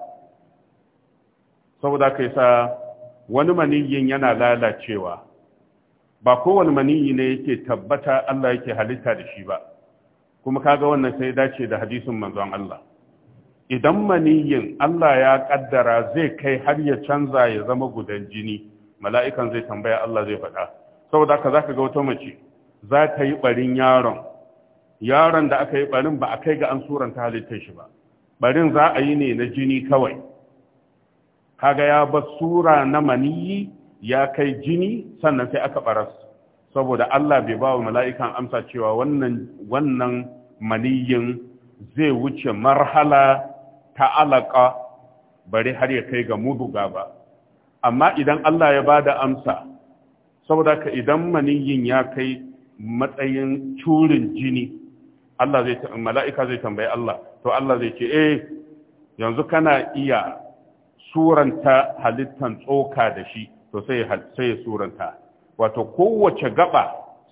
saboda kai sa wani maniyin yana lalacewa ba kowane maniyi ne yake tabbata Allah yake halitta da shi ba kuma kaga wannan sai dace da hadisin manzon Allah idan maniyin Allah ya kaddara zai kai har ya canza ya zama gudan jini mala'ikan zai tambaya Allah zai faɗa saboda haka zaka ga wata mace za ta yi barin yaron yaron da aka yi barin ba a kai ga an suranta halittar shi ba barin za a yi ne na jini kawai kaga ya bar sura na maniyi ya kai jini sannan sai aka baras saboda Allah bai ba wa mala'ikan amsa cewa wannan wannan maniyin zai wuce marhala ta alaka bari har ya kai ga muduga ba amma idan Allah ya ba da amsa saboda ka idan maniyin ya kai matsayin curin jini Allah zai mala'ika zai tambayi Allah to Allah zai ce eh yanzu kana iya suranta halittan tsoka da shi to sai ya suranta wato kowace gaba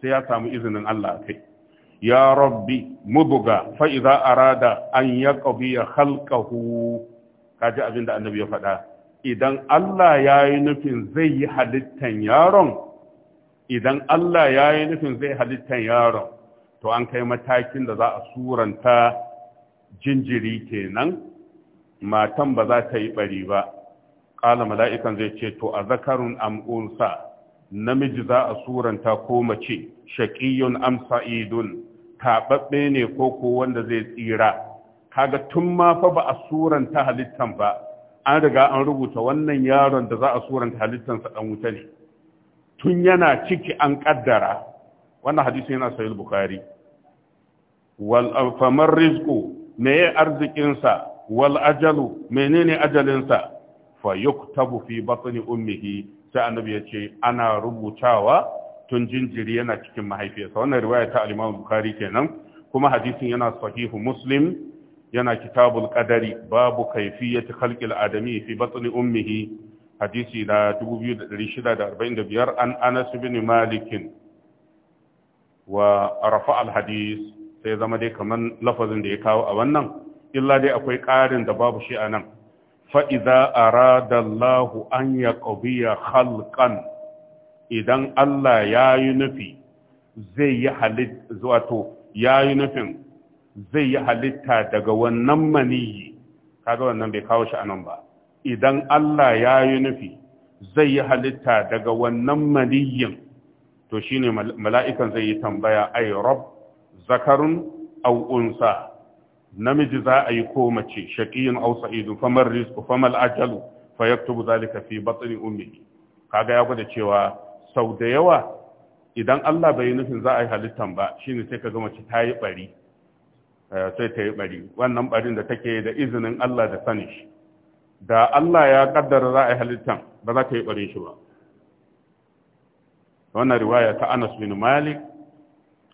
sai ya samu izinin Allah kai ya rabbi mubuga Fa'iza idza arada an yaqbi khalqahu kaji abin da annabi ya faɗa idan Allah ya yi nufin zai yi halittan yaron idan Allah ya yi nufin zai halittan yaron to an kai matakin da za a suranta jinjiri kenan matan ba za ta yi bari ba ƙala mala'ikan zai ce to a zakarun am'unsa namiji za a suranta ko mace shaƙiyun amsa idun taɓaɓɓe ne ko ko wanda zai tsira kaga tun ma fa ba a suranta halittan ba an riga an rubuta wannan yaron da za a suranta halittansa ɗan wuta ne tun yana ciki an ƙaddara wannan hadisi yana sahih bukhari wal famar rizqu me arzikinsa wal ajalu menene ajalinsa fa yuktabu fi batni ummihi sai annabi ya ce ana rubutawa tun jinjiri yana cikin mahaifiyarsa wannan riwaya ta al-Imam Bukhari kenan kuma hadisin yana sahihu Muslim yana kitabul qadari babu kayfiyati khalqil adami fi batni ummihi hadisi da 2645 an Anas bin Malik wa rafa al-hadis sai zama dai kaman lafazin da ya kawo a wannan illa dai akwai ƙarin da babu shi a nan fa'iza a radallahu an ya ƙabiya halkan idan Allah ya yi nufi zai yi wato ya yi nufin zai yi halitta daga wannan maniyi kaga wannan bai kawo shi a nan ba idan Allah ya yi nufi zai yi halitta daga wannan maniyin to shine mala'ikan zai yi tambaya ai rab zakarun au'unsa. namiji za a yi ko mace shaqiyun aw sa'idun famar rizqu famar ajalu fa yaktubu zalika fi batni ummi kaga ya gwada cewa sau da yawa idan Allah bai nufin za a yi halittan ba shine sai kaga mace ta yi bari eh, sai ta yi bari wannan barin da take da izinin Allah da sani shi da Allah ya kaddara za a yi halittan ba za ta yi bari shi ba wannan riwaya ta Anas bin Malik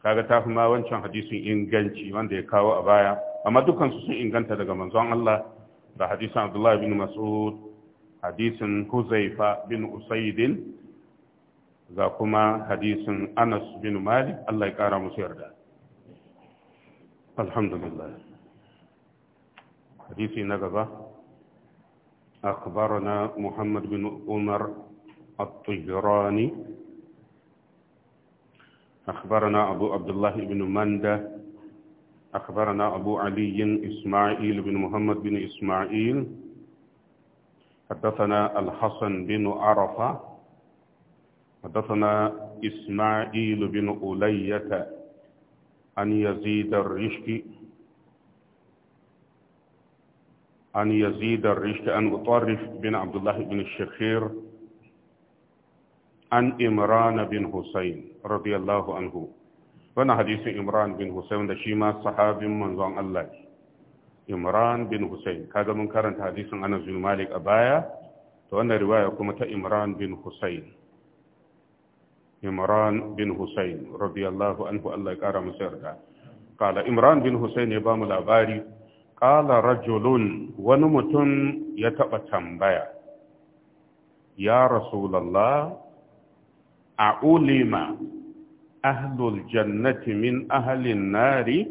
kaga ta fi ma wancan hadisin inganci wanda ya kawo a baya amma dukansu sun inganta daga manzon Allah da hadisin Abdullah bin Mas'ud hadisin Huzaifa bin Usaidin da kuma hadisin Anas bin Malik Allah ya kara musu yarda alhamdulillah hadisi na gaba أخبرنا محمد بن عمر الطهراني أخبرنا أبو عبد الله بن مندة أخبرنا أبو علي إسماعيل بن محمد بن إسماعيل حدثنا الحسن بن عرفة حدثنا إسماعيل بن أولية أن يزيد الرشكي أن يزيد الرشد أن أطرف بن عبد الله بن الشخير عن إمران بن حسين رضي الله عنه wannan hadisin imran bin Hussein da shi ma sahabin manzon Allah imran bin Hussein, kaga mun karanta hadisin anas bin malik a baya to wannan riwaya kuma ta imran bin Hussein. imran bin husayn radiyallahu anhu Allah ya kara masa yarda kala imran bin Hussein ya ba mu labari kala rajulun wani mutum ya taba tambaya ya rasulullah a ulima ahlul jannati min ahlin nari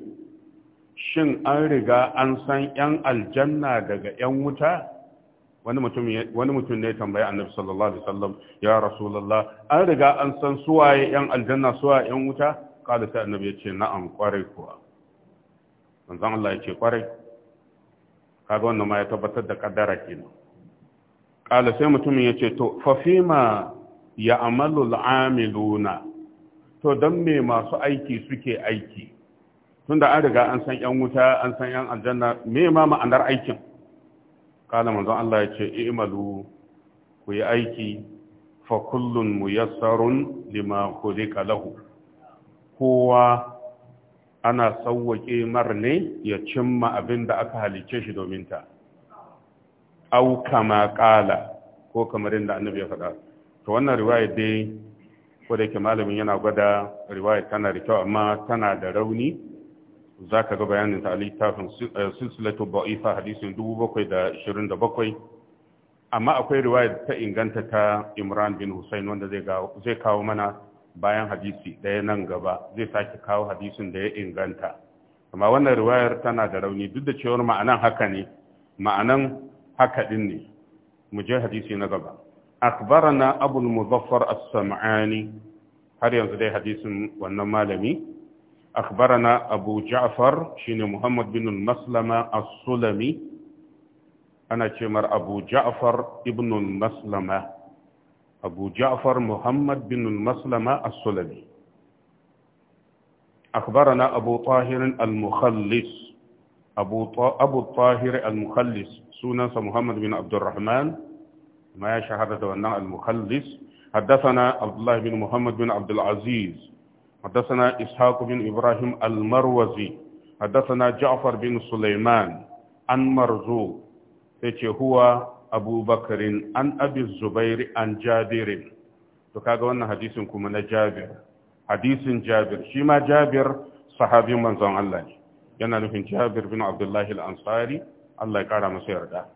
shin an riga an san yan aljanna daga yan wuta wani mutum wani mutum ne tambaya annabi sallallahu alaihi wasallam ya rasulullah an riga an san suwaye yan aljanna suwa yan wuta kada sai annabi ya ce na'am kwarai kuwa manzon Allah ya ce kwarai kaga wannan ma ya tabbatar da kaddara kenan kala sai mutumin ya ce to fa fima ya amalu al'amiluna to don me masu aiki suke aiki tun da an riga an san ‘yan wuta an san ‘yan aljanna me ma ma'anar aikin kala manzon Allah ya ce imalu ku yi aiki fa kullun muyassarun lima khuliqa lahu kowa ana sauwake mar ne ya cimma abin da aka halice shi domin ta au kama kala ko kamar inda annabi ya faɗa to wannan riwaya dai ko da yake malamin yana gwada riwaya tana da kyau amma tana da rauni za ka ga bayanin ta littafin eh, silsilatu ba'ifa hadisin 727 amma akwai riwaya ta inganta ta Imran bin Hussein wanda zai kawo mana bayan hadisi ɗaya nan gaba zai sake kawo hadisin da ya inganta amma wannan riwayar tana da rauni duk da cewar ma'anan haka ne ma'anan haka din ne mu je hadisi na gaba أخبرنا أبو المظفر السمعاني هل ينظر لي حديث hadisin wannan أخبرنا أبو جعفر شين محمد بن المسلمة السلمي أنا شمر أبو جعفر ابن المسلمة أبو جعفر محمد بن المسلمة السلمي أخبرنا أبو طاهر المخلص أبو, طا... أبو الطاهر المخلص سنة محمد بن عبد الرحمن ما شهادة وانا المخلص حدثنا عبد الله بن محمد بن عبد العزيز حدثنا إسحاق بن إبراهيم المروزي حدثنا جعفر بن سليمان عن مرزوق تيجي هو أبو بكر عن أبي الزبير عن جابر تكاغا وانا حديث كما جابر حديث جابر شيما جابر صحابي من زمان الله yana nufin jabir bin abdullahi al'ansari Allah ya kara masa yarda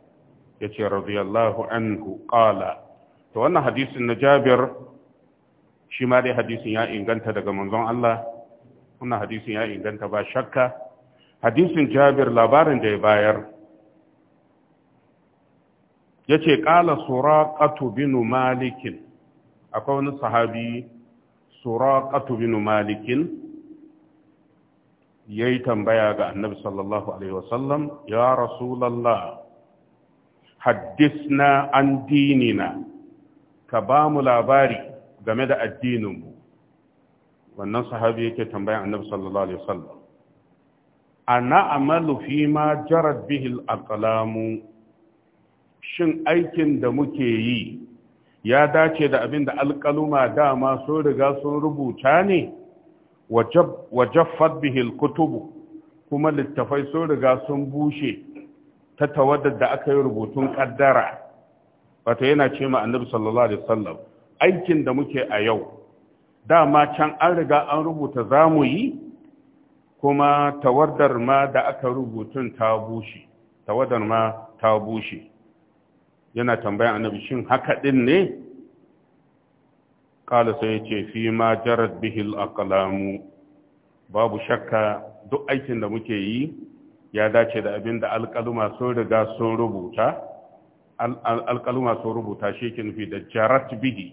yace radiyallahu anhu qala to wannan hadisin na Jabir shi ma dai hadisin ya inganta daga manzon Allah wannan hadisin ya inganta ba shakka hadisin Jabir labarin da ya bayar yace qala suraqatu bin malik akwai wani sahabi suraqatu bin malik yayi tambaya ga annabi sallallahu alaihi wasallam ya rasulullah haddisna an dinina ka ba mu labari game da addininmu wannan sahabi yake tambayan annabi sallallahu alaihi wasallam ana amalu fi ma jarat bihi al-aqlamu shin aikin da muke yi ya dace da abin da alƙaluma dama sun riga sun rubuta ne Wajab jaffat bihi al-kutubu kuma littafai sun riga sun bushe ta tawaddar da aka yi rubutun kaddara wato yana ce ma annabi sallallahu alaihi wasallam aikin da muke a yau dama can an riga an rubuta zamu yi kuma tawaddar ma da aka rubutun ta bushe tawaddar ma ta bushe yana tambayan annabi shin haka din ne kala sai ya ce fi ma jarat bihil aqlamu babu shakka duk aikin da muke yi ya dace da abin da alƙaluma sun riga sun rubuta alƙaluma sun rubuta shi ke nufi da jarat bihi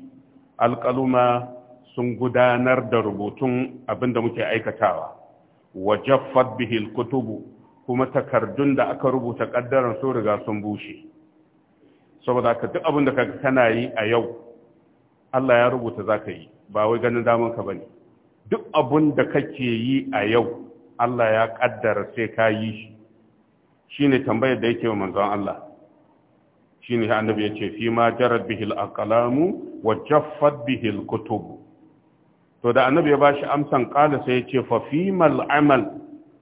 alƙaluma sun gudanar da rubutun abin da muke aikatawa wa jaffat bihi alkutubu kuma takardun da aka rubuta kaddaran sun riga sun bushe saboda ka duk abin da ka kana yi a yau Allah ya rubuta za ka yi ba wai ganin damanka ka bane duk abin da kake yi a yau Allah ya ƙaddara sai ka yi shi ne tambayar da yake wa manzon Allah shine annabi ya ce fi ma jarat bihil aqlamu wa jaffat bihil kutubu to da annabi ya bashi amsan kala sai ya ce fa fi mal amal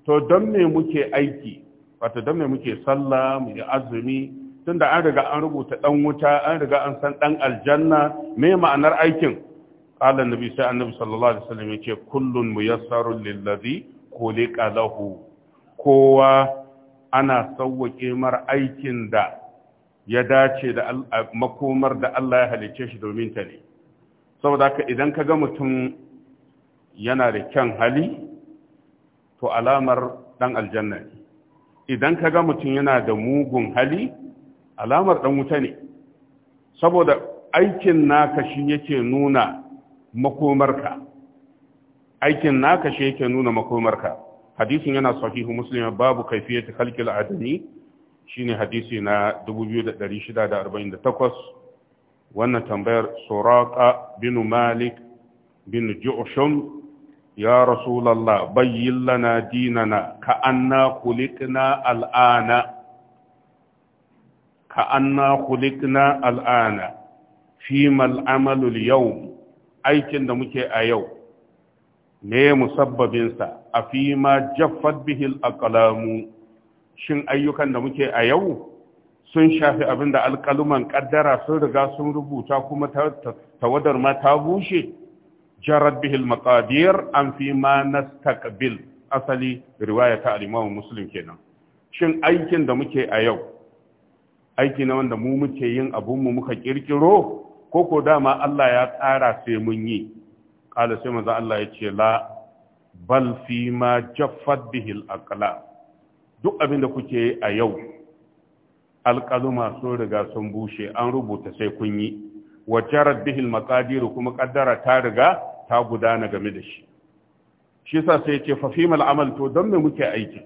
to don me muke aiki Wata don me muke sallah mu yi azumi tunda an riga an rubuta dan wuta an riga an san dan aljanna me ma'anar aikin qala annabi sai annabi sallallahu alaihi wasallam ya ce kullun muyassarun lil ladhi Kole lahu kowa ana sauwaƙe mar aikin da ya dace da makomar da Allah ya halicce shi domin ta ne saboda haka idan ka ga mutum yana da kyan hali to alamar ɗan aljanna ne idan ka ga mutum yana da mugun hali alamar ɗan wuta ne saboda aikin naka shi yake nuna makomarka aikin naka shi yake nuna makomarka hadisin yana sahihu muslim babu kaifiyati khalqil adami shine hadisi na 2648 wannan tambayar suraqa bin malik bin ju'shum ya rasulullah bayyin lana dinana ka anna khuliqna al'ana ka anna khuliqna al'ana fi mal amalu al-yawm aikin da muke a yau ne musabbabinsa a fi ma jaffat bihil aqlamu shin ayyukan da muke a yau sun shafi abin da alƙaluman ƙaddara sun riga sun rubuta kuma tawadar ma ta bushe jarad bihil maqadir an fi ma nastaqbil asali riwaya ta al-Imam Muslim kenan shin aikin da muke a yau aiki na wanda mu muke yin abun mu muka kirkiro ko ko dama Allah ya tsara sai mun yi ƙala sai manzo Allah ya ce la bal fi ma jaffat bihi al duk abin da kuke yi a yau alƙaluma sun riga sun bushe an rubuta sai kun yi bihi bihil maqadir kuma kaddara ta riga ta gudana game da shi shi yasa sai ce fa fimal amal to don me muke aiki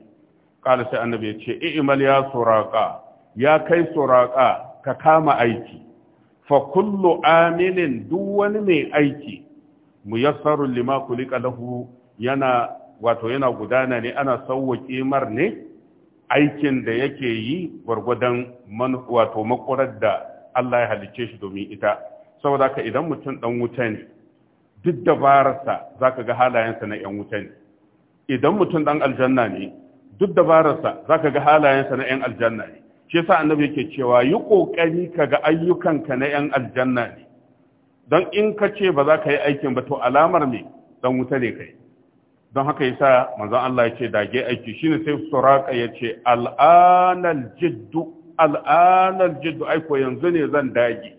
qala sai annabi ya i'mal ya suraqa ya kai suraqa ka kama aiki fa kullu amilin duk wani mai aiki muyassarun lima kulika lahu yana wato yana gudana ne ana sauwaƙe mar ne aikin da yake yi gwargwadon wato makwarar da Allah ya halicce shi domin ita saboda ka idan mutum dan wuta ne duk dabararsa za ka ga halayensa na 'yan wuta ne idan mutum dan aljanna ne duk dabararsa za ka ga halayensa na 'yan aljanna ne shi yasa annabi yake cewa yi ƙoƙari ka ga ayyukanka na 'yan aljanna ne don in ka ce ba za ka yi aikin ba to alamar me dan wuta ne kai don haka sa, manzan Allah ya ce dage aiki shine sai suraka ya ce al'anar jiddu al'anar jiddu aiko yanzu ne zan dage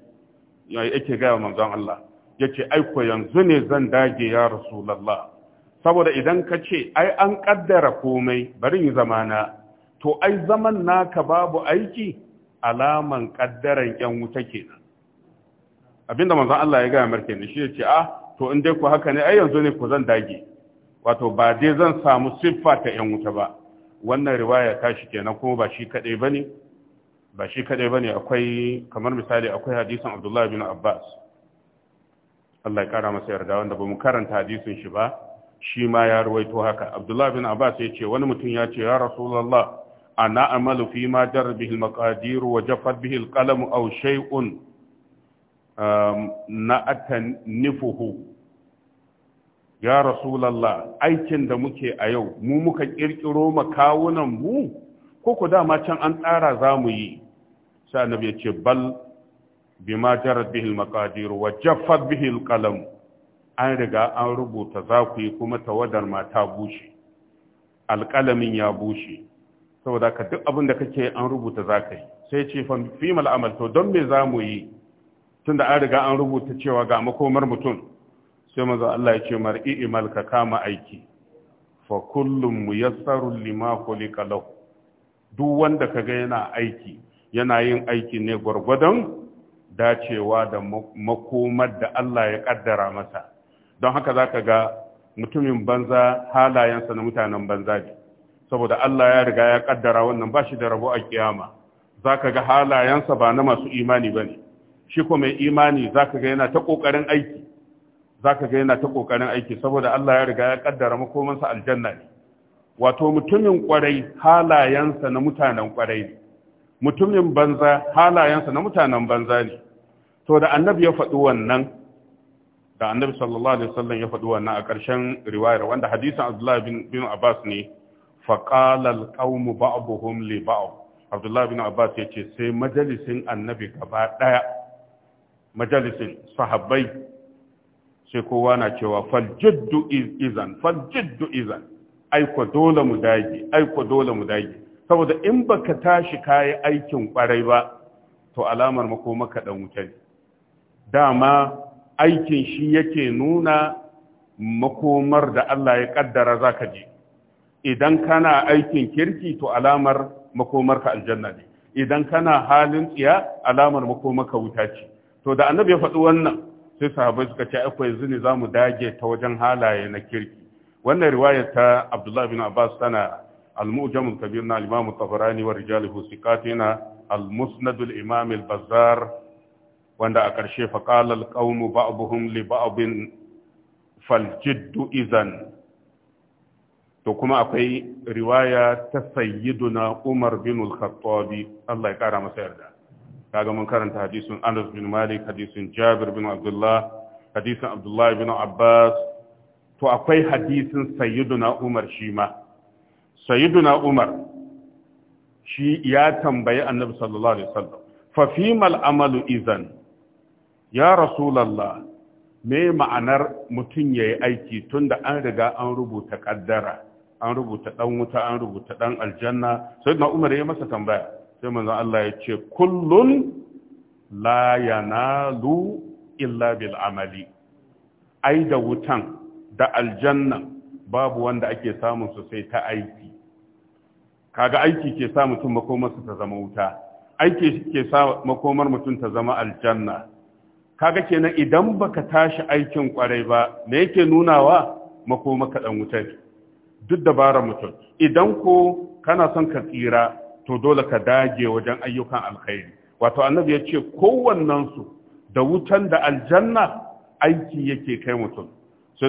Ya yi ake gaya manzon Allah ya ce aiko yanzu ne zan dage ya rasulallah saboda idan ka ce ai an kaddara komai bari yi zamana to ai zaman naka babu aiki alaman kaddaran yan wuta kenan abinda manzo Allah ya gaya marke ni, shi ya ce ah to in dai ku haka ne ai yanzu ne ku zan dage wato ba dai zan samu siffa ta yan wuta ba wannan riwaya ta shi kenan kuma ba shi kadai bane ba shi kadai bane akwai kamar misali akwai hadisin Abdullah ibn Abbas Allah ya kara masa yarda wanda ba mu karanta hadisin shi ba shi ma ya ruwaito haka Abdullah bin Abbas ya ce wani mutum ya ce ya Rasulullah ana amalu fi ma jar bihi al-maqadir wa jafat bihi al-qalam aw shay'un Um, na'atan nufuhu ya ya rasulallah aikin da muke a yau mu muka kirkiro makawunan mu ko ku dama can an tsara za mu yi sai annabi ya ce bal bima jarat bihil maqadir wa jaffat bihil an riga an rubuta za ku yi kuma tawadar mata bushe alƙalamin ya bushe saboda ka duk abin da kake an rubuta za ka yi sai ce fa fi amal to don me za mu yi tunda an riga an rubuta cewa ga makomar mutum sai maza Allah ya ce mar'i imal ka kama aiki fa kullum muyassarun lima khuliqa duk wanda ka ga yana aiki yana yin aiki ne gwargwadon dacewa da makomar da Allah ya kaddara masa don haka zaka ga mutumin banza halayensa na mutanen banza ne saboda Allah ya riga ya kaddara wannan ba shi da rabo a kiyama zaka ga halayensa ba na masu imani bane shi ko mai imani zaka ga yana ta kokarin aiki zaka ga yana ta kokarin aiki saboda Allah ya riga ya kaddara makomansa aljanna ne wato mutumin kwarai halayensa na mutanen kwarai ne mutumin banza halayensa na mutanen banza ne to da annabi ya faɗi wannan da annabi sallallahu alaihi wasallam ya faɗi wannan a ƙarshen riwayar wanda hadisin Abdullah bin Abbas ne faqala alqawmu ba'dhum li ba'd Abdullah bin Abbas ya ce, sai majalisin annabi gaba daya majalisin sahabbai sai kowa na cewa faljiddu izan faljiddu izan aiko dole mu dage aiko dole mu dage saboda in baka tashi kayi aikin kwarai ba to alamar makomaka dan wuta dama aikin shi yake nuna makomar da Allah ya kaddara zaka je idan kana aikin kirki to alamar makomarka aljanna ne idan kana halin tsiya alamar makomaka wuta ce to da annabi ya faɗi wannan sai sahabbai suka ce akwai yanzu ne za mu dage ta wajen halaye na kirki wannan riwayar ta Abdullahi bin abbas tana al-mu'jam al-kabir na al-imam tabarani wa rijaluhu siqatina al-musnad al-imam al-bazzar wanda a ƙarshe fa qala al-qawmu ba'dhum li ba'dhin to kuma akwai riwaya ta sayyiduna umar bin al Allah ya kara masa yarda kaga mun karanta hadisin Anas bin Malik hadisin Jabir bin Abdullah hadisin Abdullah bin Abbas to akwai hadisin Sayyiduna Umar shima. Sayyiduna Umar shi ya tambayi Annabi sallallahu alaihi wasallam fa fimal amalu idan ya rasulullah me ma'anar mutum yayi aiki tunda an riga an rubuta kaddara an rubuta dan wuta an rubuta dan aljanna Sayyiduna Umar ya masa tambaya sai manzon Allah ya ce kullun la yanalu illa bil amali ai da wutan da aljanna babu wanda ake samun su sai ta aiki kaga aiki ke sa mutum makomar su ta zama wuta aiki ke sa makomar mutum ta zama aljanna kaga kenan idan baka tashi aikin kwarai ba me yake nunawa makomar ka dan wuta duk dabara mutum idan ko kana son ka tsira to dole ka dage wajen ayyukan alkhairi wato annabi ya ce su da wutan da aljanna aiki yake kai mutum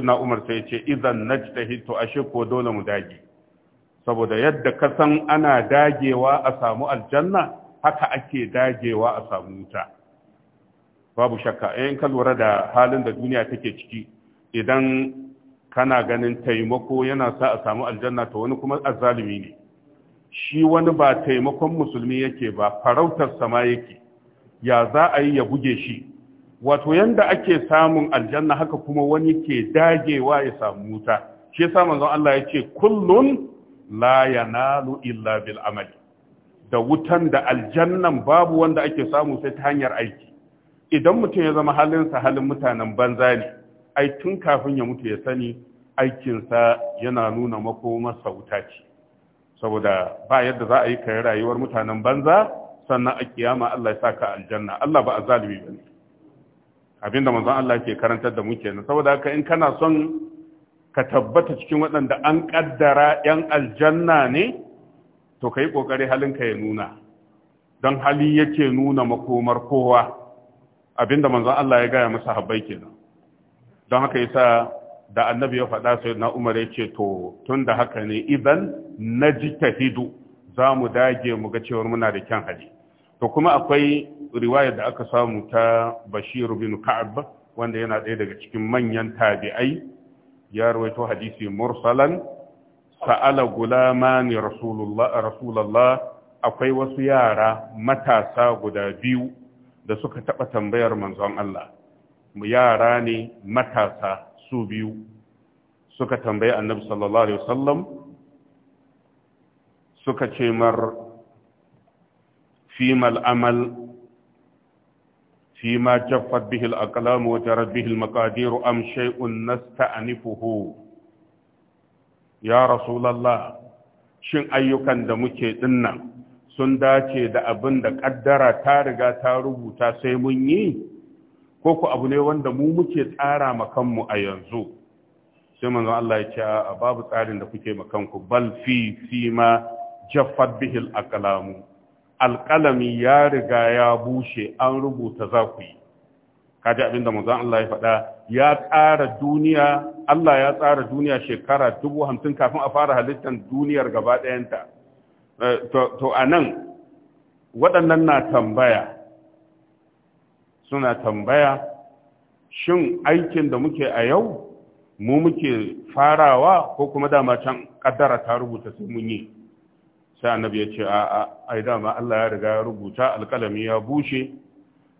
na umar sai ce idan najtahi to ashe ko dole mu dage saboda yadda ka san ana dagewa a samu aljanna haka ake dagewa a samu wuta babu shakka in ka lura da halin da duniya take ciki idan kana ganin taimako yana sa a samu aljanna to wani kuma azzalumi ne shi wani ba taimakon musulmi yake ba farautar sama yake ya za a yi ya buge shi wato yanda ake samun aljanna haka kuma wani ke dagewa ya samu wuta shi yasa manzon Allah ya ce kullun la yanalu illa bil amali da wutan da aljannan babu wanda ake samu sai ta hanyar aiki idan mutum ya zama halinsa halin mutanen banza ne ai tun kafin ya mutu ya sani aikinsa yana nuna makomarsa wuta ce saboda ba yadda za a yi kayan rayuwar mutanen banza sannan a kiyama Allah ya saka aljanna Allah ba ba ne. abinda manzon Allah ke karantar da mu kenan saboda haka in kana son ka tabbata cikin waɗanda an kaddara yan aljanna ne to kai kokari ka ya nuna don hali yake nuna makomar kowa abinda manzon Allah ya gaya masa habbai kenan don haka yasa da annabi ya faɗa sai na umar ya ce to tun da haka ne idan na ji tahidu za mu dage mu ga cewar muna da kyan hali to kuma akwai riwayar da aka samu ta bashiru bin ka'ab wanda yana ɗaya daga cikin manyan tabi'ai ya rawaito hadisi mursalan sa'ala gulamani rasulullah rasulullah akwai wasu yara matasa guda biyu da suka taɓa tambayar manzon Allah yara ne matasa su biyu suka tambayi annabi sallallahu alaihi wasallam suka ce mar fimal amal fima jaffat bihi al-aqlam wa jarat bihi al-maqadir am shay'un nasta'nifuhu ya rasulullah shin ayyukan da muke dinnan sun dace da abin da ƙaddara ta riga ta rubuta sai mun yi ko ku abu ne wanda mu muke tsara ma kanmu a yanzu sai manzon Allah ya ce a babu tsarin da kuke ma kanku bal fi sima jaffat bihil aqlamu alqalami ya riga ya bushe an rubuta za ku yi kaji abinda da manzon Allah ya faɗa ya tsara duniya Allah ya tsara duniya shekara dubu hamsin kafin a fara halittar duniyar gaba ɗayanta eh, to a nan waɗannan na tambaya suna tambaya shin aikin da muke a yau mu muke farawa ko kuma dama can kaddara ta rubuta sai mun yi sai annabi ya ce a'a ai dama Allah ya riga ya rubuta alƙalami ya bushe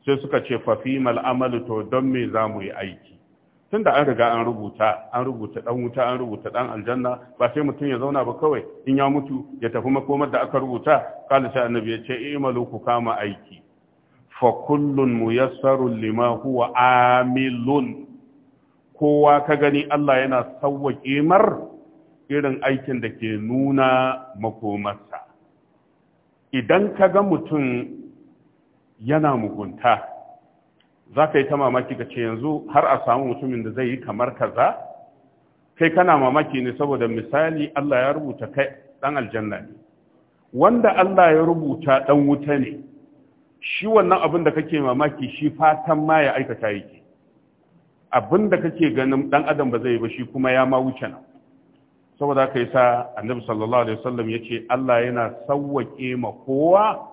sai suka ce fa fi mal amal to don me za mu yi aiki tunda an riga an rubuta an rubuta dan wuta an rubuta dan aljanna ba sai mutum ya zauna ba kawai in ya mutu ya tafi makomar da aka rubuta kala sai annabi ya ce i'malu ku kama aiki fakullun kullun muyassarun lima huwa amilun kowa ka gani Allah yana sauwaƙe mar irin aikin da ke nuna makomarsa idan ka ga mutum yana mugunta za ka yi ta mamaki ka ce yanzu har a samu mutumin da zai yi kamar kaza kai kana mamaki ne saboda misali Allah ya rubuta kai dan aljanna ne wanda Allah ya rubuta dan wuta ne shi wannan abin da kake mamaki shi fatan ma ya aikata yake abin da kake ganin dan adam ba zai ba shi kuma ya ma wuce nan saboda haka yasa annabi sallallahu alaihi wasallam yace Allah yana sawwake ma kowa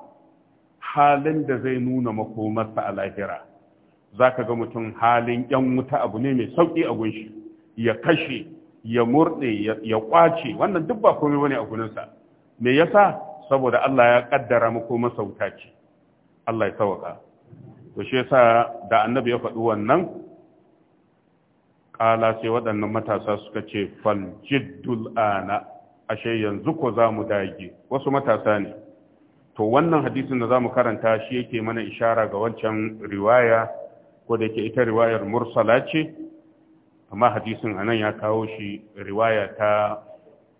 halin da zai nuna makomarsa a lahira zaka ga mutum halin yan wuta abu ne mai sauki a gunshi ya kashe ya murde ya kwace wannan duk ba komai bane a guninsa me yasa saboda Allah ya kaddara makomarsa wuta ce Allah ya sauka to shi yasa da annabi ya faɗi wannan ƙala sai waɗannan matasa suka ce jiddul ana ashe yanzu ko za mu dage wasu matasa ne to wannan hadisin da za mu karanta shi yake mana ishara ga wancan riwaya ko da yake ita riwayar mursala ce amma hadisin anan ya kawo shi riwaya ta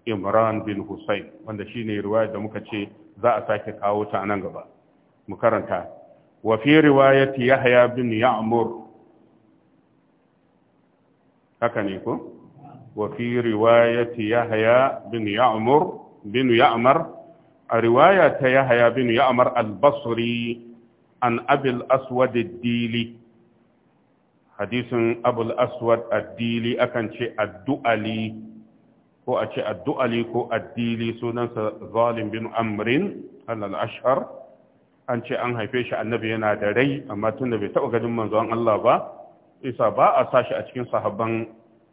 imran bin husayn wanda shine riwaya da muka ce za a sake kawo ta anan gaba mu karanta riwayati yahya bin ya'mur haka ne ko wa riwayati yahya bin ya'mur bin ya'mar a riwaya ta yahya bin ya'mar al-basri an abil aswad ad-dili hadisin abul aswad ad-dili akan ce addu'ali ko a ce addu'ali ko ad-dili sunansa zalim bin amrin al-ashhar an ce an haife shi annabi yana da rai amma tun da bai taɓa ganin manzon Allah ba isa ba a sashi a cikin sahabban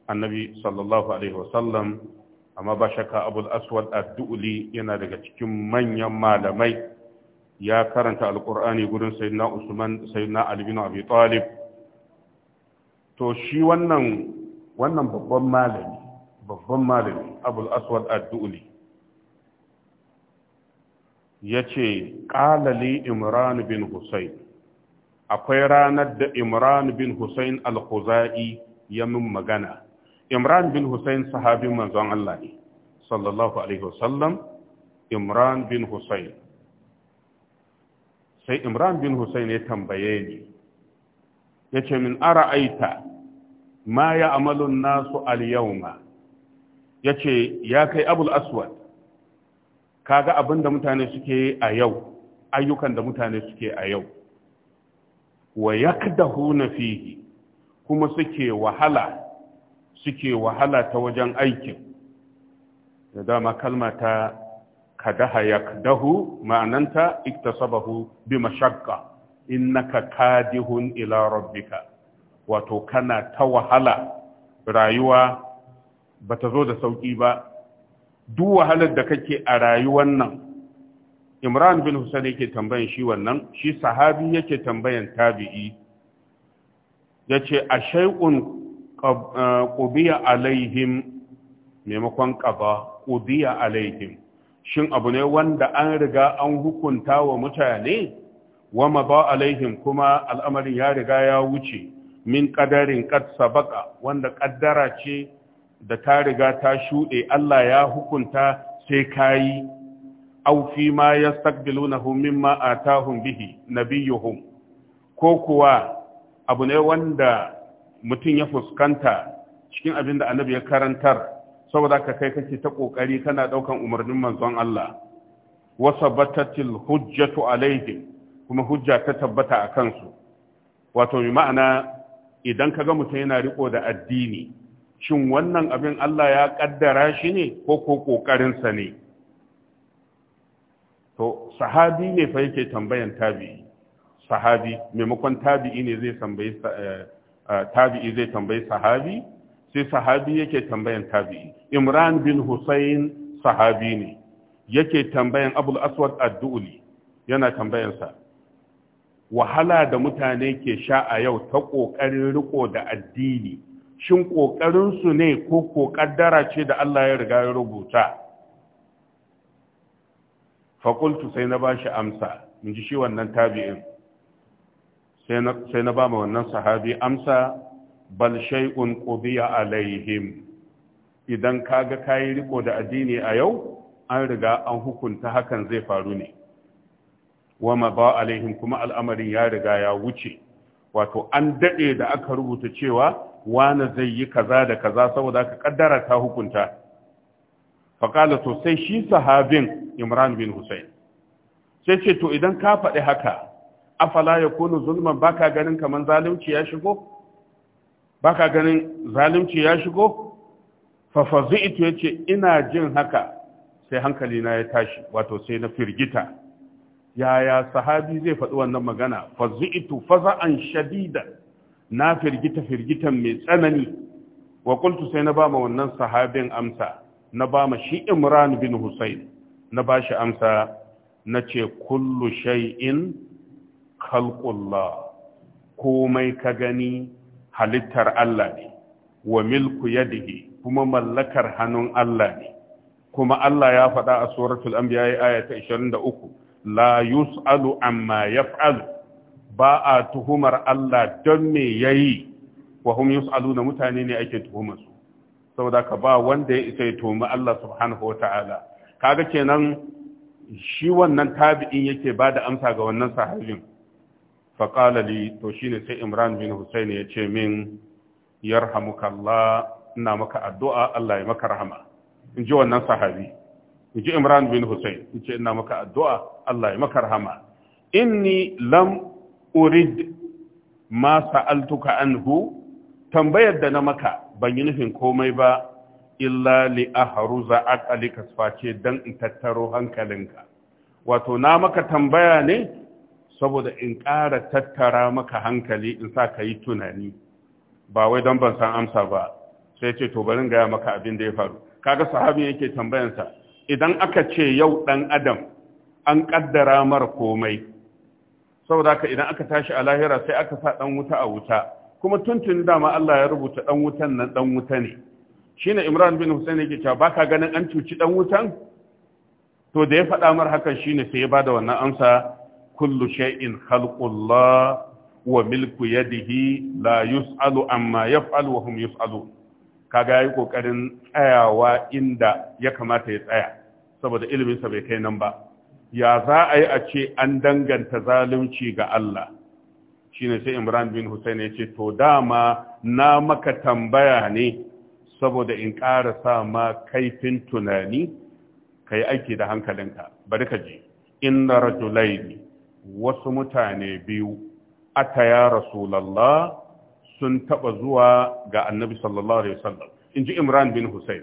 annabi sallallahu alaihi wasallam amma ba shakka abul aswad ad-du'li yana daga cikin manyan malamai ya karanta alqur'ani gurin sayyidina usman sayyidina ali bin abi talib to shi wannan wannan babban malami babban malami abul aswad ad-du'li ya ce ƙalali imran bin Hussein akwai ranar da imran bin Hussein al ya min magana imran bin Hussein sahabin manzon Allah ne sallallahu alaihi wasallam imran bin Hussein sai imran bin Hussein ya tambaye ni ya ce min ara'aita ma ya amalun nasu al-yawma ya ce ya kai abul aswad kaga abin da mutane suke a yau ayyukan da mutane suke a yau wa yakdahuna fihi kuma suke wahala suke wahala ta wajen aikin da dama kalma ta kadaha yakdahu ma'ananta iktasabahu bi mashaqqa innaka kadihun ila rabbika wato kana ta wahala rayuwa bata zo da sauki ba duk wahalar da kake a rayuwar nan imran bin husayn yake tambayan shi wannan shi sahabi yake tambayan tabi'i yace a shay'un eh, qubiya alaihim maimakon qaba qubiya alaihim shin abu ne wanda an riga an hukunta wa mutane wa ba alaihim kuma al'amarin ya riga ya wuce min ƙadarin qad sabaka wanda ƙaddara ce da ta riga ta shuɗe Allah ya hukunta sai kayi aw fi ma yastaqbilunahu mimma atahum bihi nabiyuhum ko kuwa abu ne wanda mutum ya fuskanta cikin abin da annabi ya karantar saboda ka kai kake ta kokari kana daukan umarnin manzon Allah wasabatatil batatil hujjatu alaihim kuma hujja ta tabbata a kansu. wato bi ma'ana idan ka ga mutum yana riko da addini shin wannan abin Allah ya kaddara shi ne ko ko kokarinsa ne to sahabi ne fa yake tambayan tabi'i sahabi maimakon tabi'i ne zai tambayi eh, eh, tabi'i zai tambayi sahabi sai sahabi yake tambayan tabi'i imran bin husayn sahabi ne yake tambayan abul aswad ad-du'li yana tambayansa wahala da mutane ke sha a yau ta ƙoƙarin riko da addini shin ƙoƙarinsu ne ko ko dara ce da Allah ya riga ya rubuta fakultu sai na ba amsa in ji shi wannan tabi'in sai na ba ma wannan sahabi amsa bal shay'un qudiya alaihim idan kaga kayi riko da addini a yau an riga an hukunta hakan zai faru ne ma ba alaihim kuma al'amarin ya riga ya wuce wato an dade da aka rubuta cewa wani zai yi kaza da kaza saboda ka kaddara ta hukunta faƙala to sai shi sahabin imran bin husayn sai ce to idan ka faɗi haka afala ya kunu zulman baka ganin kaman zalunci ya shigo baka ganin zalunci ya shigo ya yace ina jin haka sai hankali na ya tashi wato sai na firgita yaya sahabi zai faɗi wannan magana fazi'tu faza'an shadida na firgita firgitan mai tsanani wa qultu sai na ba ma wannan sahabin amsa na ba ma shi Imran bin Husayn na ba shi amsa na ce kullu shay'in khalqullah komai ka gani halittar Allah ne wa milku yadihi kuma mallakar hannun Allah ne kuma Allah ya faɗa a suratul anbiya aya da 23 la yus'alu amma yaf'alu ba a tuhumar Allah don me yi wa hum na mutane ne ake tuhumar su saboda ka ba wanda ya isa ya tuhumi Allah subhanahu wata'ala kaga kenan shi wannan tabi'in yake ba da amsa ga wannan sahabin fa qala li to shine sai Imran bin Husayn ya ce min Allah, ina maka addu'a Allah ya maka rahama in ji wannan sahabi in ji Imran bin Husayn in ce ina maka addu'a Allah ya maka rahama inni lam urid ma sa'altuka anhu tambayar da na maka ban yi nufin komai ba illa li ahruza aqalika face dan in tattaro hankalinka wato na maka tambaya ne saboda in ƙara tattara maka hankali in sa ka yi tunani ba wai don ban san amsa ba sai ce to barin gaya maka abin da ya faru kaga sahabi yake tambayansa idan aka ce yau dan adam an kaddara mar komai saboda haka idan aka tashi a lahira sai aka sa dan wuta a wuta kuma tuntun dama Allah ya rubuta dan wutan nan dan wuta ne shine Imran bin Hussein yake cewa baka ganin an cuci dan wutan to da ya faɗa mar hakan shine sai ya bada wannan amsa kullu shay'in khalqullah wa milku yadihi la yus'alu amma yaf'alu wa hum yus'alu kaga yayi kokarin tsayawa inda ya kamata ya tsaya saboda ilimin sa bai kai nan ba ya za a yi a ce an danganta zalunci ga Allah Shi ne sai Imran bin Hussein ya ce to dama na maka tambaya ne saboda in ƙara sa ma kaifin tunani ka yi aiki da hankalinka bari ka ji inna rajulaini wasu mutane biyu aka ya rasulallah sun taɓa zuwa ga annabi sallallahu alaihi wasallam in ji Imran bin Hussein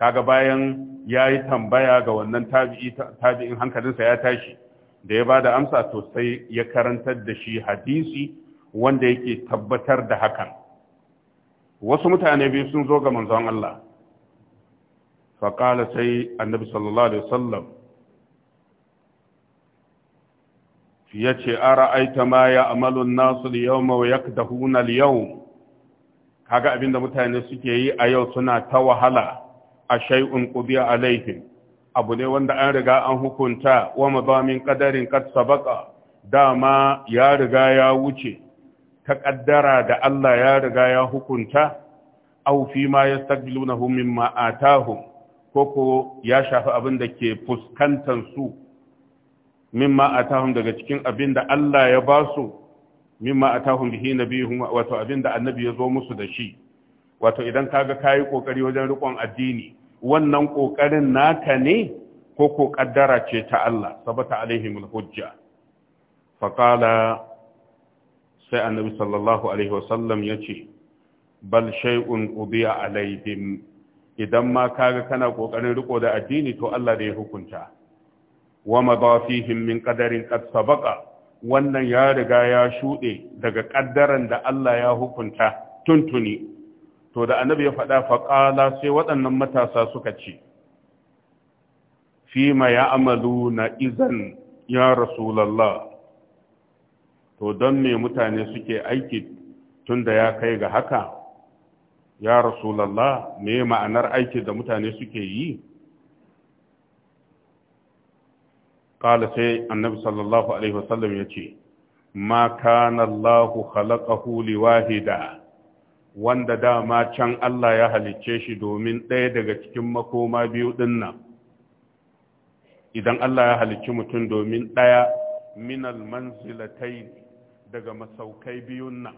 kaga bayan ya yi tambaya ga wannan tabi'in hankalinsa ya tashi da ya ba da amsa to sai ya karantar da shi hadisi wanda yake tabbatar da hakan wasu mutane biyu sun zo ga manzon Allah faƙala sai annabi sallallahu alaihi wasallam ya ce a ra'aita ma ya amalun nasu ya kada hunar yau kaga abinda mutane suke yi a yau suna ta wahala a shay'un a alaihim abu ne wanda an riga an hukunta wa mabamin qadarin qad sabaka dama ya riga ya wuce ta kaddara da Allah ya riga ya hukunta aw fi ma yastaqbilunahu mimma atahum koko ya shafi abin da ke fuskantar su mimma atahum daga cikin abin da Allah ya ba su mimma atahum bihi nabiyuhum wato abin da annabi ya zo musu da shi wato idan kaga kayi kokari wajen riƙon addini wannan ƙoƙarin naka ne ko ko ƙaddara ce ta Allah sabata alaihimul hujja faƙala sai annabi sallallahu alaihi wasallam ya ce bal shay'un ubiya alaihim idan ma kaga kana ƙoƙarin riƙo da addini to Allah da ya hukunta wa madafihim min qadarin qad wannan ya riga ya shuɗe daga ƙaddaran da Allah ya hukunta tuntuni to da annabi ya faɗa faƙala sai waɗannan matasa suka ce fi ma ya amalu na izan ya rasulallah to don me mutane suke aiki tun da ya kai ga haka ya rasulallah me ma'anar aiki da mutane suke yi ƙala sai annabi sallallahu alaihi wasallam ya ce ma kana allahu khalaqahu liwahida wahida wanda dama can Allah ya halicce shi domin ɗaya daga cikin makoma biyu dinnan idan Allah ya halicci mutum domin ɗaya minal manzilatai daga masaukai biyun nan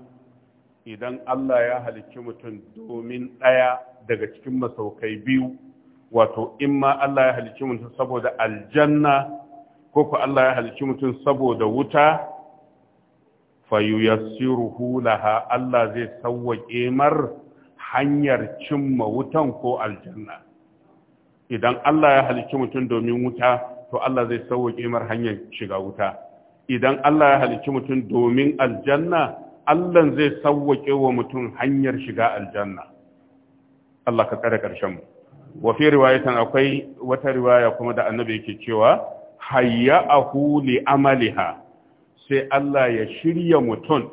idan Allah ya halicci mutum domin ɗaya daga cikin masaukai biyu wato in ma Allah ya halicci mutum saboda aljanna ko ku Allah ya halicci mutum saboda wuta fayuyassiruhu laha Allah zai sawwake mar hanyar cimma wutan ko aljanna idan Allah ya halicci mutum domin wuta to Allah zai sawwake mar hanyar shiga wuta idan Allah ya halicci mutum domin aljanna Allah zai sawwake wa mutum hanyar shiga aljanna Allah ka tsare ƙarshen mu wa fi riwayatan akwai wata riwaya kuma da annabi yake cewa hayya ahu li amaliha sai Allah ya shirya mutum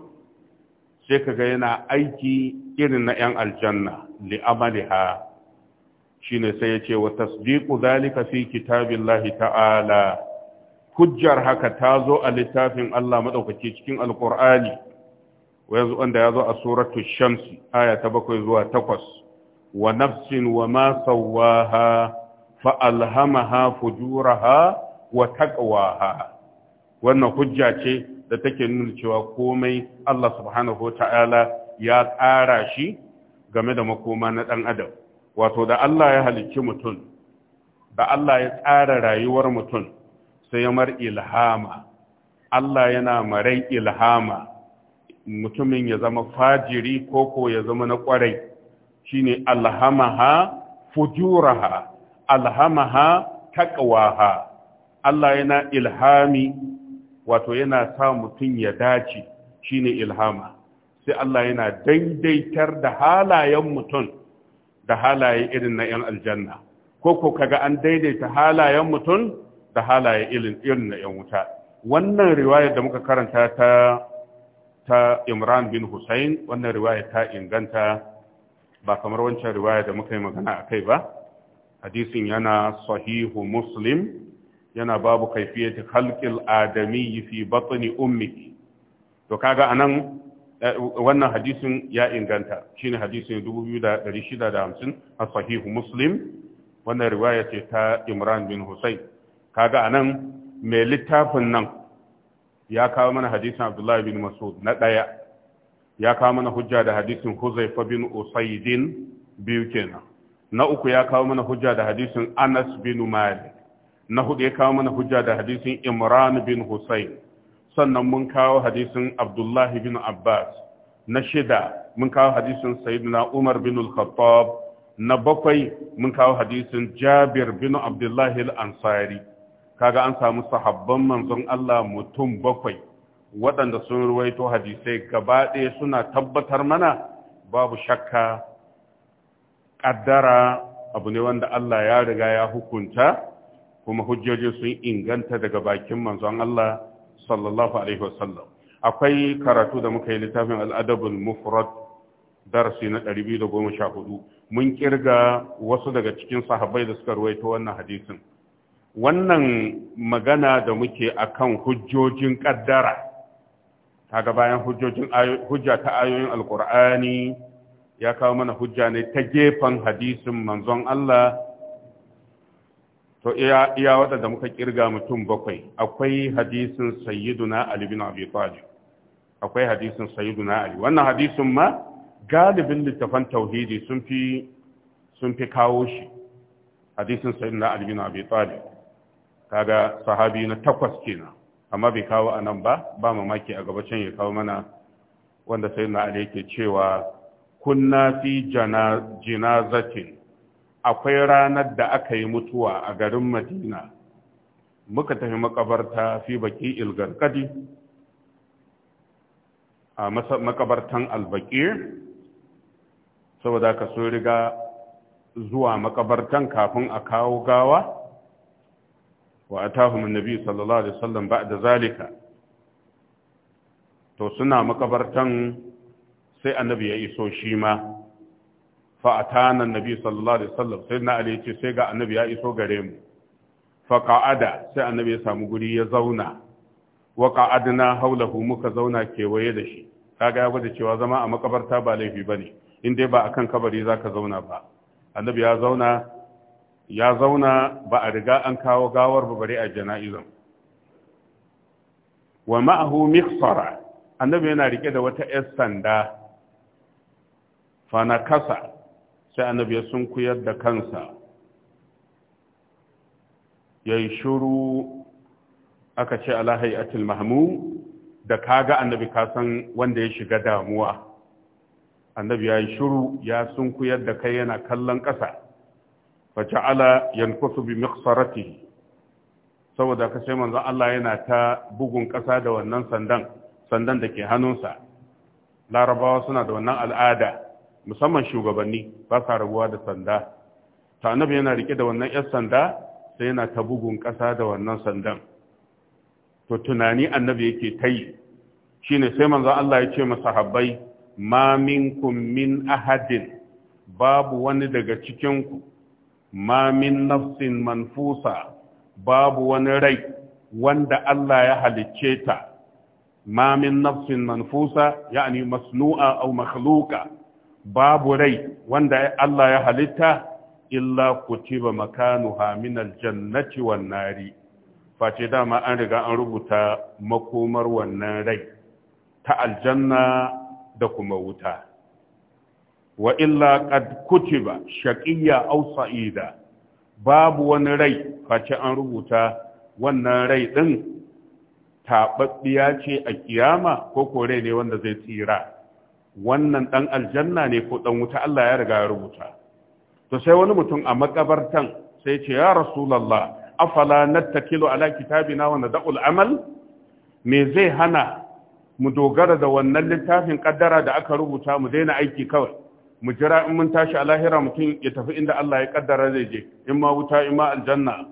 sai kaga yana aiki irin na 'yan aljanna shi shine sai ya ce wa tasdiku zalika fi lahi ta'ala hujjar haka ta zo a littafin Allah maɗaukaki cikin alƙur'ani yanzu wanda ya zo a suratu Shamsi aya ta bakwai zuwa takwas wa nafsin wa ma sawwaha fa fujura fujuraha wa ha wannan hujja ce da take nuna cewa komai Allah subhanahu wa ta'ala ya tsara shi game da makoma na ɗan adam wato da Allah ya halicci mutum da Allah ya tsara rayuwar mutum sai ya mar ilhama Allah yana marai ilhama mutumin ya zama fajiri koko ya zama na kwarai shine alhamaha fujuraha alhamaha taqwaha Allah yana ilhami wato yana sa mutum ya dace shine ilhama sai Allah yana daidaitar da halayen mutum da halaye irin na 'yan aljanna ko ko kaga an daidaita halayen mutum da halaye irin na 'yan wuta wannan riwayar da muka karanta ta ta Imran bin Hussein wannan riwayar ta inganta ba kamar wancan riwayar da muka yi magana a kai ba hadisin yana sahihu muslim yana babu kaifiyati khalqil adami fi batni ummihi to kaga anan eh, wannan hadisin ya inganta shine hadisin 2650 a sahih muslim wannan riwaya ce ta imran bin husayn kaga anan mai littafin nan ya kawo mana hadisin abdullahi bin masud na daya ya kawo mana hujja da hadisin huzaifa bin usaidin biyu kenan na uku ya kawo mana hujja da hadisin anas bin malik na hudu ya kawo mana hujja da hadisin imran bin husayn sannan mun kawo hadisin abdullahi bin abbas na shida mun kawo hadisin sayyidina umar bin al-khattab na bakwai mun kawo hadisin jabir bin abdullahi al-ansari kaga an samu sahabban manzon Allah mutum bakwai waɗanda sun ruwaito hadisai gaba ɗaya suna tabbatar mana babu shakka ƙaddara abu ne wanda Allah ya riga ya hukunta kuma hujjoji sun inganta daga bakin manzon Allah sallallahu alaihi wasallam akwai karatu da muka yi littafin al'adabul mufrad darasi na 214 mun kirga wasu daga cikin sahabbai da suka ruwaito wannan hadisin wannan magana da muke akan hujjojin kaddara kaga bayan hujjojin hujja ta ayoyin alqur'ani ya kawo mana hujja ne ta gefen hadisin manzon Allah to iya iya waɗanda muka kirga mutum bakwai akwai hadisin sayyiduna ali bin abi talib akwai hadisin sayyiduna ali wannan hadisin ma galibin littafan tauhidi sun fi sun fi kawo shi hadisin sayyiduna ali bin abi talib kaga sahabi na takwas kenan amma bai kawo anan ba ba mamaki a can ya kawo mana wanda sayyiduna ali yake cewa kunna fi janazatin akwai ranar da aka yi mutuwa a garin madina muka tafi makabarta fi baki ilgarkadi a makabartan albakir saboda ka so riga zuwa makabartan kafin a kawo gawa wa atahum nabi sallallahu alaihi wasallam ba'da zalika to suna makabartan sai annabi ya iso shi ma fa atana annabi sallallahu alaihi wasallam sai na ali ce sai ga annabi ya iso gare mu fa qa'ada sai annabi ya samu guri ya zauna wa qa'adna haulahu muka zauna kewaye da shi kaga ya gwada cewa zama a makabarta ba laifi bane in dai ba akan kabari zaka zauna ba annabi ya zauna ya zauna ba a riga an kawo gawar ba a jana'izan wa ma'ahu miksara annabi yana rike da wata 'yar sanda fanakasa sai annabi ya kuyar da kansa ya yi shuru aka ce alahai atil mahmud da kaga annabi kasan wanda ya shiga damuwa annabi ya yi shuru ya sunkuyar da kai yana kallon ƙasa faja'ala yankusu bi miqsaratihi saboda ka sai manzon Allah yana ta bugun ƙasa da wannan sandan sandan da ke hannunsa larabawa suna da wannan al'ada musamman shugabanni ba sa rabuwa da sanda ta annabi yana rike da wannan yar sanda sai yana ta bugun ƙasa da wannan sandan to tunani annabi yake ta yi shine sai manzan Allah ya ce masahabbai ma minkum min ahadin babu wani daga cikin ku ma min nafsin manfusa babu wani rai wanda Allah ya halicce ta ma min nafsin manfusa yani masnu'a aw makhluqa babu rai wanda Allah ya halitta illa kutiba makanuha min aljannati wan nari face dama an riga an rubuta makomar wannan rai ta aljanna da kuma wuta wa illa qad kutiba shaqiyya aw sa'ida babu wani rai face an rubuta wannan rai din taɓaɓɓiya ce a kiyama ko kore ne wanda zai tsira wannan dan aljanna ne ko dan wuta Allah ya riga ya rubuta to sai wani mutum a makabartan sai ce ya rasulallah afala nattakilu ala na wa da'ul amal me zai hana mu dogara da wannan littafin ƙaddara da aka rubuta mu daina aiki kawai mu jira in mun tashi a lahira mutum ya tafi inda Allah ya kaddara zai je in ma wuta in ma aljanna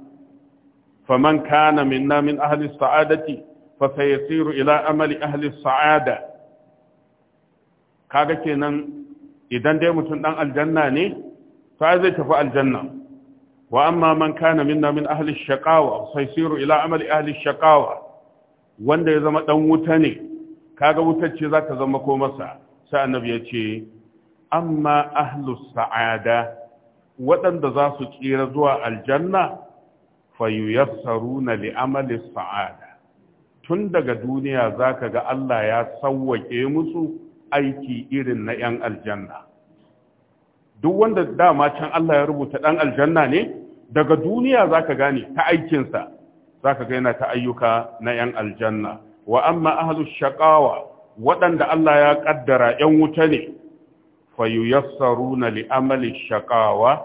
faman kana minna min ahli sa'adati fa sayasiru ila amali ahli sa'ada kaga kenan idan dai mutum dan aljanna ne to zai tafi aljanna wa amma man kana minna min ahli shaqawa sai siru ila amali ahli shaqawa wanda ya zama dan wuta ne kaga wutar ce za ka zama ko masa sai annabi ya ce amma ahli sa'ada waɗanda za su tsira zuwa aljanna fayuyassaruna li sa'ada tun daga duniya zaka ga Allah ya sawwake musu aiki irin na 'yan aljanna duk wanda dama can Allah ya rubuta ɗan aljanna ne daga duniya za ka gane ta aikinsa za ka gaina ta ayyuka na 'yan aljanna wa amma ahalus shaƙawa waɗanda Allah ya ƙaddara 'yan wuta ne na li'amali shaƙawa